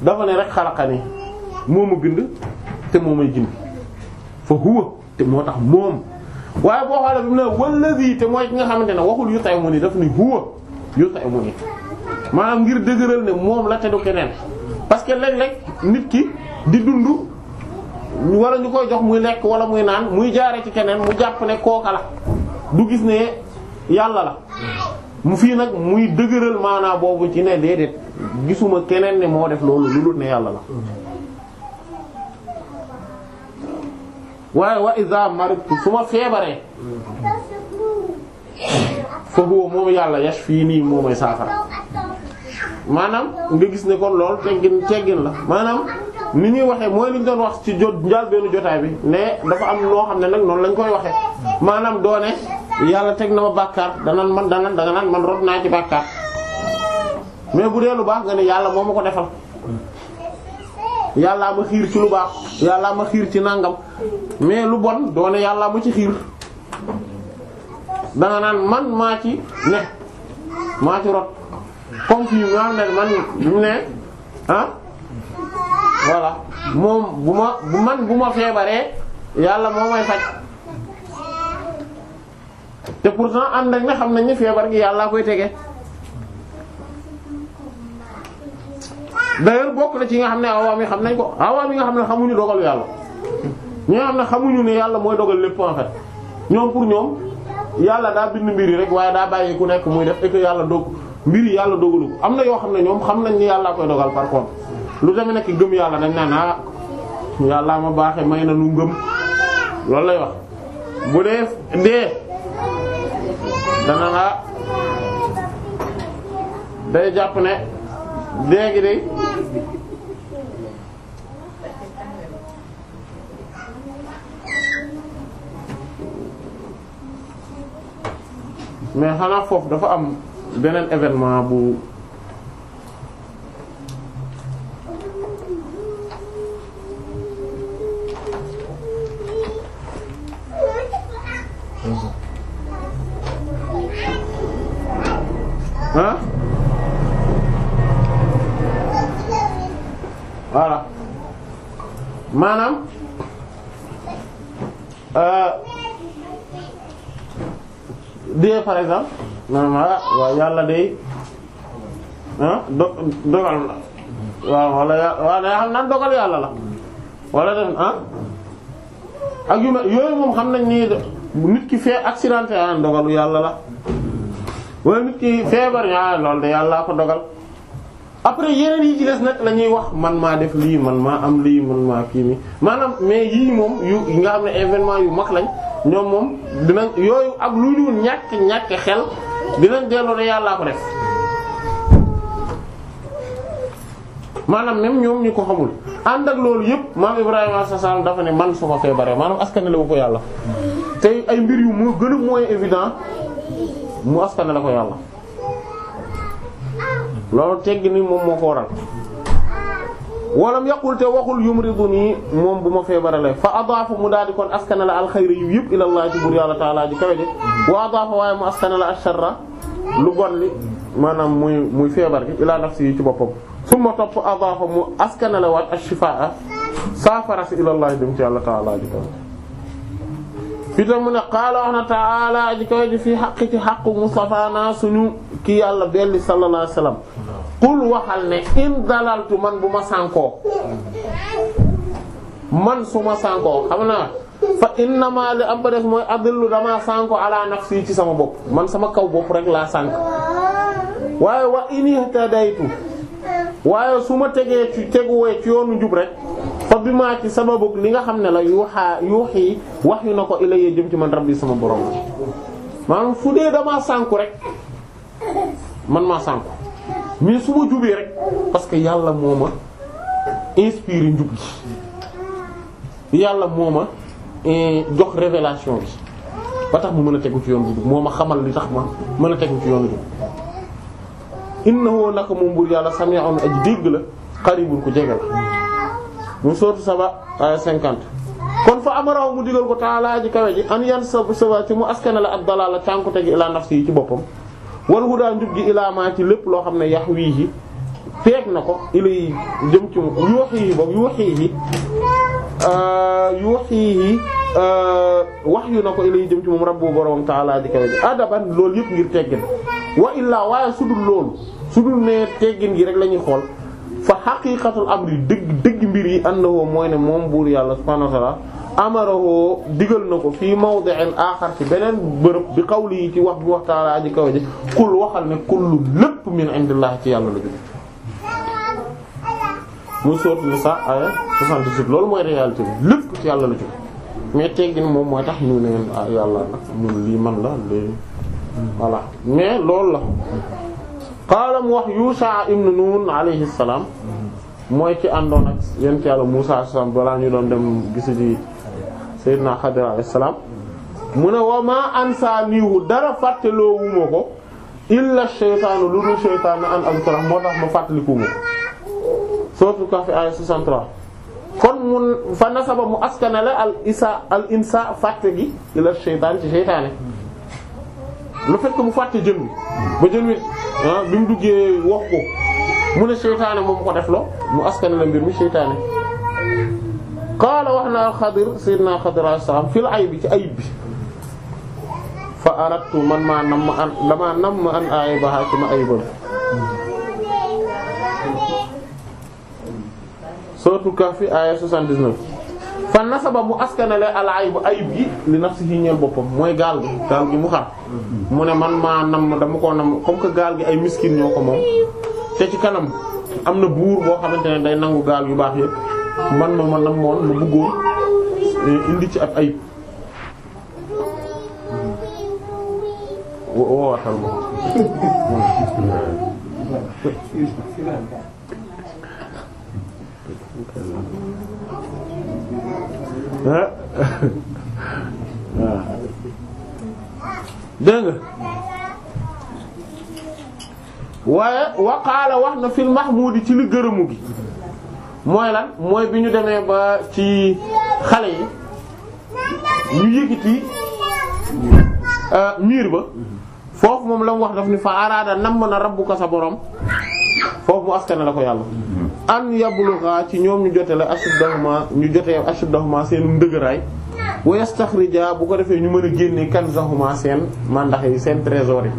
dafa ne rek xalaqani moo ma bind te moo may gindi fa huwa te moo tax moom waaye boo xoolee bi mu ne wallazi te mooy ki nga xamante ne waxul yu tay mu ni daf ni huwa yu tay mu ni maanaam ngir dëgëral ne moom la te du keneen parce que léeg-léeg nit ki di dund wala ñu koy jox muy lekk wala muy naan muy jaare ci keneen mu jàpp ne kooka la du gis ne yàlla la mu fii nag muy dëgëral maanaa boobu ci ne déedéet gisuma keneen ne moo def loolu lu dul ne yàlla la waaye wa iza maridtu su ma feebaree fa huwa moom yàlla yashfini moo may saafara maanaam nga gis ne kon lool teggin teggin la maanaam ni ñuy waxee mooy liñ doon wax ci jot njaal benn jotaay bi ne dafa am noo xam ne nag noonu lañ koy waxee maanaam doone yàlla teg na ma bàkkaar danan man danan danga naan man rot naa ci bàkkaar mais bu dee lu baax nga ne yàlla moo ma ko defal yàlla ma xiir ci lu baax yàllaa ma xiir ci nàngam mais lu bon doone yàllaa ma ci xiir danga naan man maa ci ne maa ci rot comme fii maa ne man mu ne ah voilà moom bu ma bu man bu ma feebaree yàlla moo may faj te pourtant ànd ak ne xam nañ ne feebar gi yàllaa koy tege d'ailleurs bokk na ci nga xam ne awaam yi xam nañ ko awaam yi nga xam ne xamuñu dogal yàlla ñi xam ne xamuñu ne yàlla mooy dogal lépp en ñoom pour ñoom yàlla daa bind mbir yi rek waaye daa bàyyi ku nekk muy def et yàlla doog mbir yàlla dogalu am na yoo xam ne ñoom xam nañ ni yàllaa koy dogal par lu demee nekk gëm yàlla dañ naan ah yàllaa ma baaxee may na nu ngëm loolu lay wax bu dee dee dana naa ah, day jàpp ne. léegi de mais xanaa foofu dafa am beneen événement bu ah maanaam euh, de par exemple maanaam ah, waaw yàlla day ah, do dogal la waaw wala waaw da xam naan dogal yàlla la wala dem ah ak yu yooyu moom xam nañ ni nit ki fee accidenté a ah, dogalu yàlla la wala nit ki feebar ñaa loolu de yàlla ko dogal après yeneen yi ci nag lañuy wax man maa def lii man maa am lii man maa kii mi maanaam mais yii moom yi nga xam ne événement yu mag lañ ñoom moom dinañ yooyu ak lu ñu ñàkk ñàkk xel dinañ delloo yàllaa ko def maanaam même ñoom ñu ko xamul ànd ak loolu yëpp maam sa Sassane dafa ne man suma feebaree maanaam askan la ko yàlla te ay mbir yu mu gën a évident mu askan la ko yàlla. loolu teggi ni moom moo ko waral walam yaqul te waxul yumriduni moom bu ma feebaralee fa adaafa mu daal di kon askana la alxayra yu yëpp ilallah ci buur yàlla taalaa ji kawe de wa adaafa waaye mu askana la asharra lu bon li maanaam muy muy feebar gi ilaa nafsi yi ci boppam summa topp adaafa mu askana la waat ashifaa saafara si ilallah dem ci yàlla taalaa ji kawe itam mu ne qaala wax na taala aji kaw fi xaq ci xaqu Mustafa naa suñu ki yàlla belli sallallahu alayhi wasallam waxal ne in dalaltu man bu ma sankoo man su ma sànkoo xam naa fa innama li am ba def mooy adillu damaa sànko ala nafsi ci sama bopp man sama kaw bopp rek laa sànk waaye wa in ihtadaytu waaye su ma tegee ci teguwee ci yoonu jub rek fa bi maa ci sababu li nga xam ne la yuuxaa yuuxi wax yu na ko ilayya jëm ci man rabbi sama borom maanaam fu dee damaa sànku rek man maa sànku mii su ma jubee rek parce que yàlla moo ma inspiré njub gi yàlla moo ma eh, jox révélation bi ba tax mu mën a tegu ci yoon bi moo ma xamal li tax ma mën a tegu ci yoon bi innahu naka moom buur yàlla sami'un aji dégg la qaribun ku jege la mu sootu saba euh, cinquante kon fa amaraw mu digal ko taalaa ji kawe ji an yan sa saba ci mu askane la ak dalaala cànkute gi ilaa nafsi yi ci boppam wal hudaa njub gi ilaa maa ci lépp loo xam ne yax wii yi feeg na ko ilay jëm ci mu yuux yi boobu yuux yi euh, yuux yi euh, wax yu na ko ilay jëm ci moom rab borom taalaa ji kawe ji adaban loolu yëpp ngir teggin wa illaa waaye su dul loolu su dul ne teggin gi rek lañuy xool fa xaqiiqatul amri dëgg dëgg mbir yi annahu mooy ne moom buur yàlla subhaanahu wa ta'aala amarahu digal na ko fii mawdi'in aaxar ci beneen bërëb bi xawli yi ci wax bi wax ta'aala aji kaw ji kul waxal ne kullu lépp min indillahi ci yàlla la jóge mu soot ni sax aya 68 loolu mooy réalité bi lépp ci yàlla la jóge mais teggin moom mooy tax ñu ne yàlla nag ñun lii man la léegi voilà mais loolu la qaala mu wax Yuusa ibn Nun alayhi salaam mooy ci àndoon ak yent yàlla Muusa salaam balaa ñu doon dem gisi ji Seydina Xadir alayhi salaam mu ne wa maa ansaanihu dara fàtteloowuma ko illa sheytaanu lu dul sheytaanu an azkura moo tax ma fàttalikuuma sootu Kahf aaya 63 kon mun fa nasaba mu askanale al isa al insa fàtte gi illa sheytaan lu fait que mu fàtte jën wi ba jën wi ah, bi mu duggee wax mu ne seytaane moom ko def lo mu askan la mbir mi seytaane qaala wax na Xadir sayyidina Xadir salaam fil aybi ayib bi fa aradtu man maa nam ma an damaa nam ma an aybaha ci ma ayibal sootu Kahf aaya 79 fa nasaba mu askanale al ayib ayib gi li nafsihi ñeel boppam mooy gaal gi gaal gi mu xar mu ne man maa nam dama koo nam comme gaal gi ay miskin ñoo ko moom te ci kanam am na buur boo xamante ne day nangu gaal yu baax yépp man ma ma namoon ma bëggoon eh, indi ci ab ayib waaw dégg nga waaye waqaala wax na fil mahmuudi ci li gërëmu gi mooy lan mooy bi ñu demee ba ci xale yi ñu yëkkati euh, miir ba foofu moom la mu wax daf ni fa araada namm na rabbuka sa boroom foofu mu askane la ko yàlla an yablugha ci ñoom ñu jotee la ashuddahuma ñu jotee ashuddahuma seen ndëgëraay wa yastaxrija bu ko defee ñu mën a génnee kanzahuma seen mandax yi seen trésor yi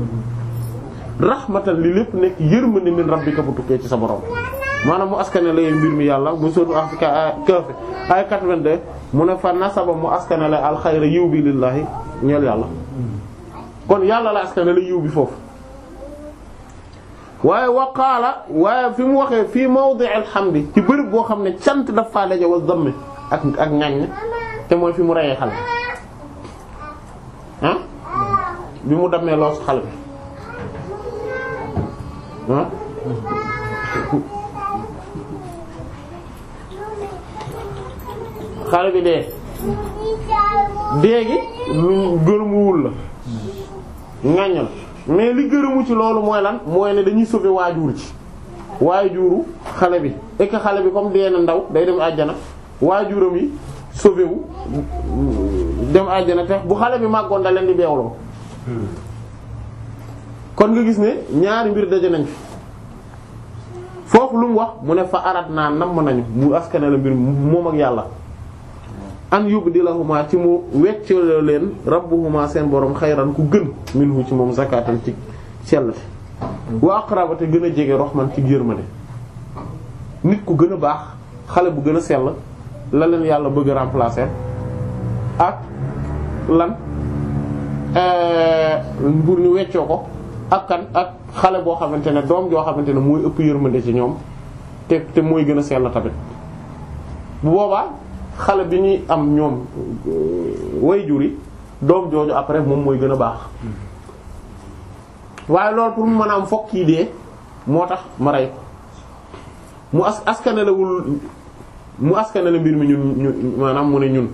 rahmatan li lépp nekk yërmande min rabbika bu tukkee ci sa borom maanaam mu askane lay mbir mi yàlla mu sootu Afrika Kaaf ay 82 mu ne fa nasaba mu askane la alxayra yiw bi lillaahi ñeel yàlla kon yàlla la askane yiw bi foofu waaye wakaala waaye fi mu waxee fii mawdi' bi ci bërëb boo xam ne cant daf faa daje wal damme ak ak ŋaññ te mooy fi mu reyee xale bi mu dammee loos xale bi xale bi dee dee gi lu gërëmuwul la ŋaññ la mais li gërëmu ci loolu mooy lan mooy ne dañuy sauver waajur ci waajuru xale bi et xale bi comme dee na ndaw day dem àjjana waajuram yi sauver wu dem àjjana te bu xale bi màggoon da leen di beewloo kon nga gis ne ñaari mbir daje nañ fi foofu lu mu wax mu ne fa arat naa nam nañu mu askane la mbir moom ak yàlla an yubdilahuma ci mu weccaloo leen rab rabbuhuma seen boroom xayran ku gën minhu ci moom zakatan ci sell wa aqraba te gën a jege roxman ci yërmande nit ku gën a baax xale bu gën a sell la leen yàlla bëgg a ak lan pour euh, ñu weccoo ko ak kan ak xale boo xamante ne doom joo xamante ne mooy ëpp yërmande ci ñoom te te mooy gën a sell tamit boobaa xale bi ñuy am ñoom euh, way juri doom jooju après moom mooy gën a baax waaye loolu pour mu mën a am fokk yi dee moo tax ma rey ko mu as askanalewul mu askanale mbir mi ñun ñun maanaam mu ne ñun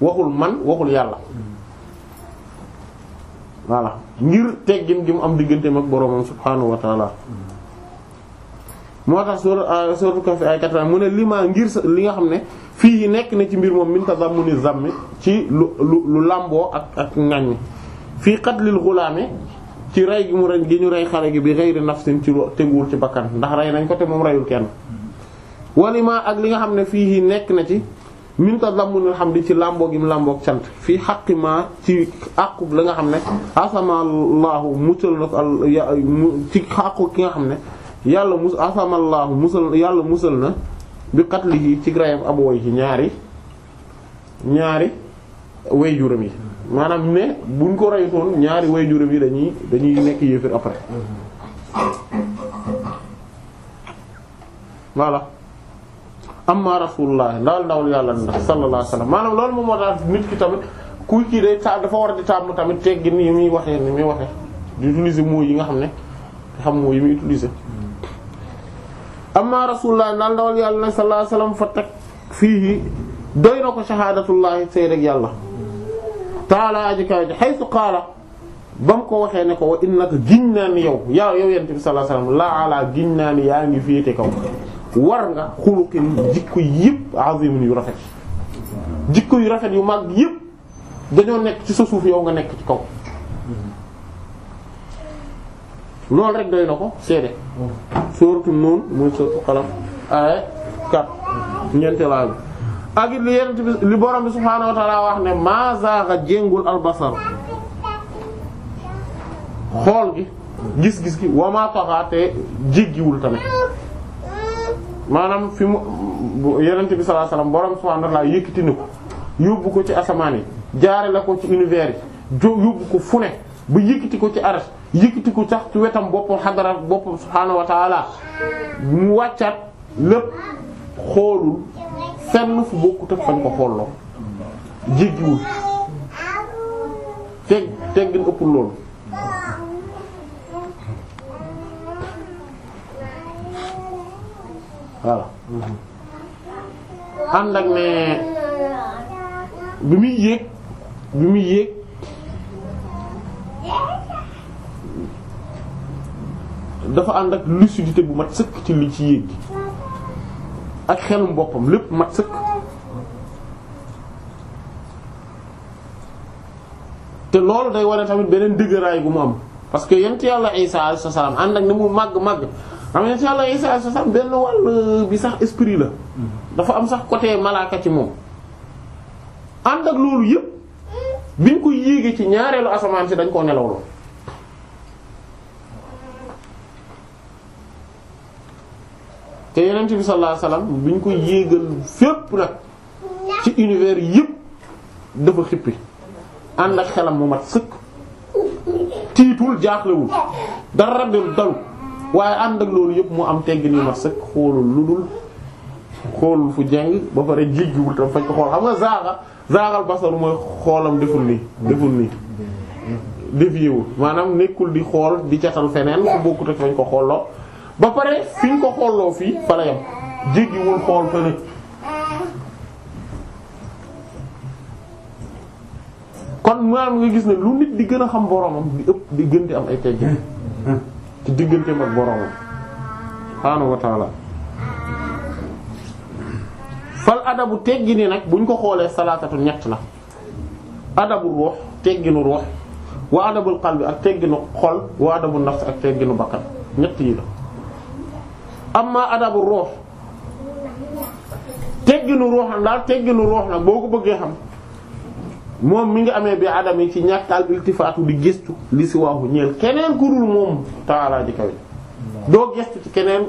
waxul man waxul yàlla voilà ngir teggin gi mu am digganteem ak boroomam subhaanahu wa taala moo tax soo soo ko ay kattan mu ne li ma ngir li nga xam ne fii nekk na ci mbir moom min tazammuni zammi ci lu lu làmboo ak ak ngañ fii qatlil ghulaami ci rey gi mu rey gi ñu rey xale gi bi ghayri nafsin ci lu teguwul ci bakkan ndax rey nañ ko te moom reyul kenn walima ak li nga xam ne fii nekk na ci min xam hamdi ci làmboo gi mu làmboog cant fii xaqi ma ci àqu la nga xam ne asamallaahu mucal na ko ci àqu ki nga xam ne yàlla mus asamallaahu musal yàlla musal na bi qatlihi ci rayam abu way ci ñaari ñaari waajuram yi maanaam ne buñ ko rayutoon ñaari waajuram yi dañuy dañuy nekk yéefir après am amma rasulullah daal dawal yàlla ndax sallallahu alayhi wasallam maanaam loolu moom moo tax nit ki tamit ku kii day ta dafa war a di tàmm tamit teggin yi muy waxee ni muy waxee di utiliser mots yi nga xam ne xam mots yi muy utiliser amma rasulullah daal ndawal yàlla nag sallallahu fa teg fii doy na ko shahaadatullahi seede ak yàlla taala aji kaw ji haythu qaala ba mu ko waxee ne ko wa innaka giñ naa ni yow yaa yow yent bi laa alaa giñ naa yaa ngi féete kaw war nga xuluqin jikko yëpp azimun yu rafet jikko yu rafet yu mag yépp dañoo nekk ci sa suuf yow nga nekk ci kaw loolu rek doy na ko seede sóoratu Nuun muy sóoratu Qalam ay kat ñeenteelaa bi ak li yenent bi li bi subhaanahu wa ta'aala wax ne maa zaaga jéngul albasar xool gi gis-gis gi wa maa taxaa te tamit maanaam fi mu yenent bi sallallahu alayhi wasallam borom subhaanahu wa ta'aala yëkkati ko yóbbu ko ci asamaan yi jaare la ko ci univers yi yóbbu ko fu ne bu yëkkati ko ci aras yëkkati ko sax ci wetam boppam xadara boppam subhaanahu wa taala mu wàccaat lépp xoolul fenn fu bokkut ak fañ ko xooloo jéggiwul teg teggin ëpp loolu voilà ànd ak ne bi muy yéeg bi muy yéeg dafa ànd ak lucidité bu mat sëkk ci li ci yéeg gi ak xelum boppam lépp mat sëkk te loolu day wane tamit beneen dëgëraay bu mu am parce que yent yàlla Isa alayhi salaam ànd ak ni mu màgg màgg xam yent yàlla Isa alayhi salaam benn wàll bi sax esprit la mm-hmm. dafa am sax côté malaaka ci moom ànd ak loolu yépp bi ñu ko yéegee ci ñaareelu asamaan si dañ koo nelawloo te yonent bi sallallahu alayhi wasallam bi ñu ko yéegal fépp nag ci univers yëpp dafa xippi ànd ak xelam mu mat sëkk tiitul jaaxlewul dara del dalu waaye ànd ak loolu yëpp mu am teggin yu mat sëkk xoolul ludul xoolul fu jeng ba pare jéggiwul tam fañ ko xool xam nga zaaxa zaaxal basar mooy xoolam deful nii deful nii dévié wu maanaam nekkul di xool di catal feneen fu bokkut ak fañ ko xooloo ba pare fi ñu ko xooloo fii fa la yam jéggiwul xool feneen kon maanaam nga gis ne lu nit di gën a xam boromam di ëpp di gën di am ay teggin hmm. Hmm. ci digganteem ak boromam subhaanahu wa ta'ala fal adabu teggini nag buñ ko xoolee salaatatu ñett la adabu ruux tegginu ruux wa adabul qalbi ak tegginu xol wa adabu nafs ak tegginu bakkan ñett yi la amma adabu ruux tegginu ruux daal nag boo ko bëggee xam moom mi ngi amee bi adam yi ci ñàkk al iltifaatu di gëstu li si waaxu ñeel keneen ku moom taalaa ji doo gëstu ci keneen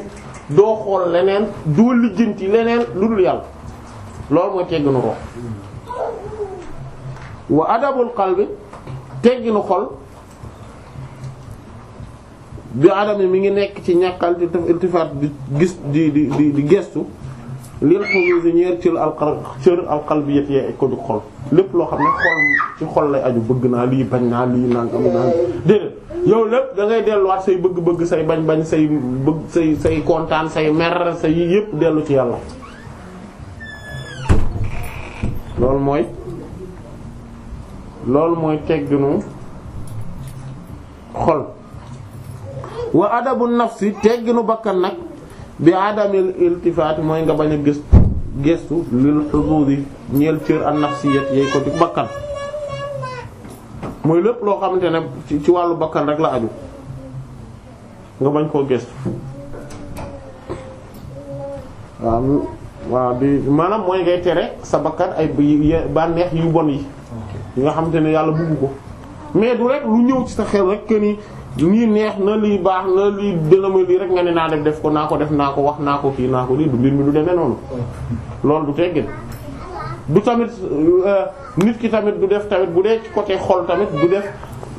doo xool leneen doo lijjanti leneen lu dul yàlla loolu mooy tegginu ruux wa adabul qalbi tegginu xol bi adam yi mi ngi nekk ci ñàkkal di iltifaat di gis di di di di gestu lil xuruusi ñeer cër alqal cër alqalbiyat yee ko du xol lépp loo xam ne xol ci xol lay aju bëgg naa lii bañ naa lii naan am naa déedéet yow lépp da delluwaat say bëgg-bëgg say bañ-bañ say bëgg say say kontaan say mer say yépp dellu ci yàlla loolu mooy loolu mooy tegginu xol wa adabu nafsi tegginu bakkan nag bi adamil iltifaati mooy nga bañ a gës gëstu lil xuduudi ñeel cër an nafsiyat yey ko ci bakkan mooy lépp loo xamante ne ci wàllu bakkan rek la nga bañ koo gëstu waaw waaw bi maanaam mooy ngay tere sa bakkan ay bànneex yu bon yi yi nga xamante ne yàlla bëgg ko mais du rek lu ñëw ci sa xel rek que ni lii neex na lii baax na lii dina ma lii rek nga ne naa def def ko naa ko def naa ko wax naa ko kii naa ko lii du mbir mi du demee noonu loolu du teggin du tamit euh, nit ki tamit du def tamit bu dee ci côté xol tamit du def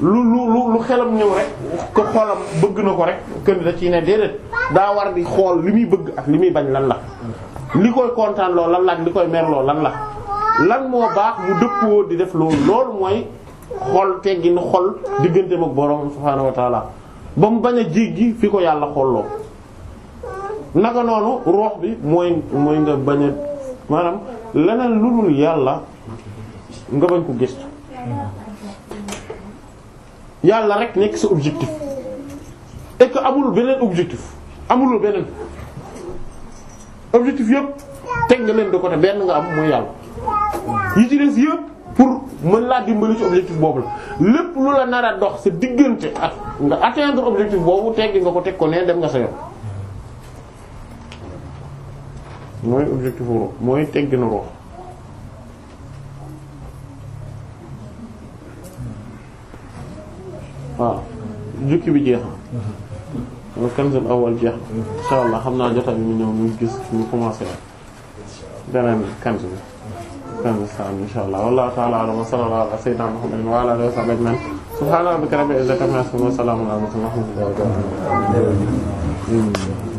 lu lu lu xelam ñëw rek ko xolam bëgg na ko rek kër da ci ne déedéet daa war di xool li muy bëgg ak li muy bañ lan la li koy kontaan lool lan la ak li koy mer lool lan la lan moo baax mu dëppoo di def loolu loolu mooy xol teggin xol diggante ak borom subhaanahu wa ba mu bañ a jéggi fi ko yàlla xolloo naka noonu roox bi mooy mooy nga bañ a maanaam leneen lu dul yàlla nga bañ ko gëstu yàlla rek nekk sa objectif et que amul beneen objectif amuloo beneen. objectif yëpp teg nga leen de côté benn nga am mooy yàlla yi ci des yëpp pour mën laa dimbali ci objectif boobu la lépp lu la nara a dox sa diggante ak nga atteindre objectif boobu teggi nga ko teg ko ne dem nga sa yoon mooy objectif ruux mooy teggi na ruux waaw jukki bi jeex mooy kanzul awwal jeex incha allah xam naa jotaay bi ñu ñëw ñu gis ñu commencé la beneen kanz bi kanz saam incha allah wallahu ta'ala a'lam wa sallallahu ala sayyidina muhammadin wa ala alihi wa sahbihi ajma'in subhana rabbika rabbil izzati amma yasifun wa salamun ala al mursalin walhamdulillahi rabbil alamin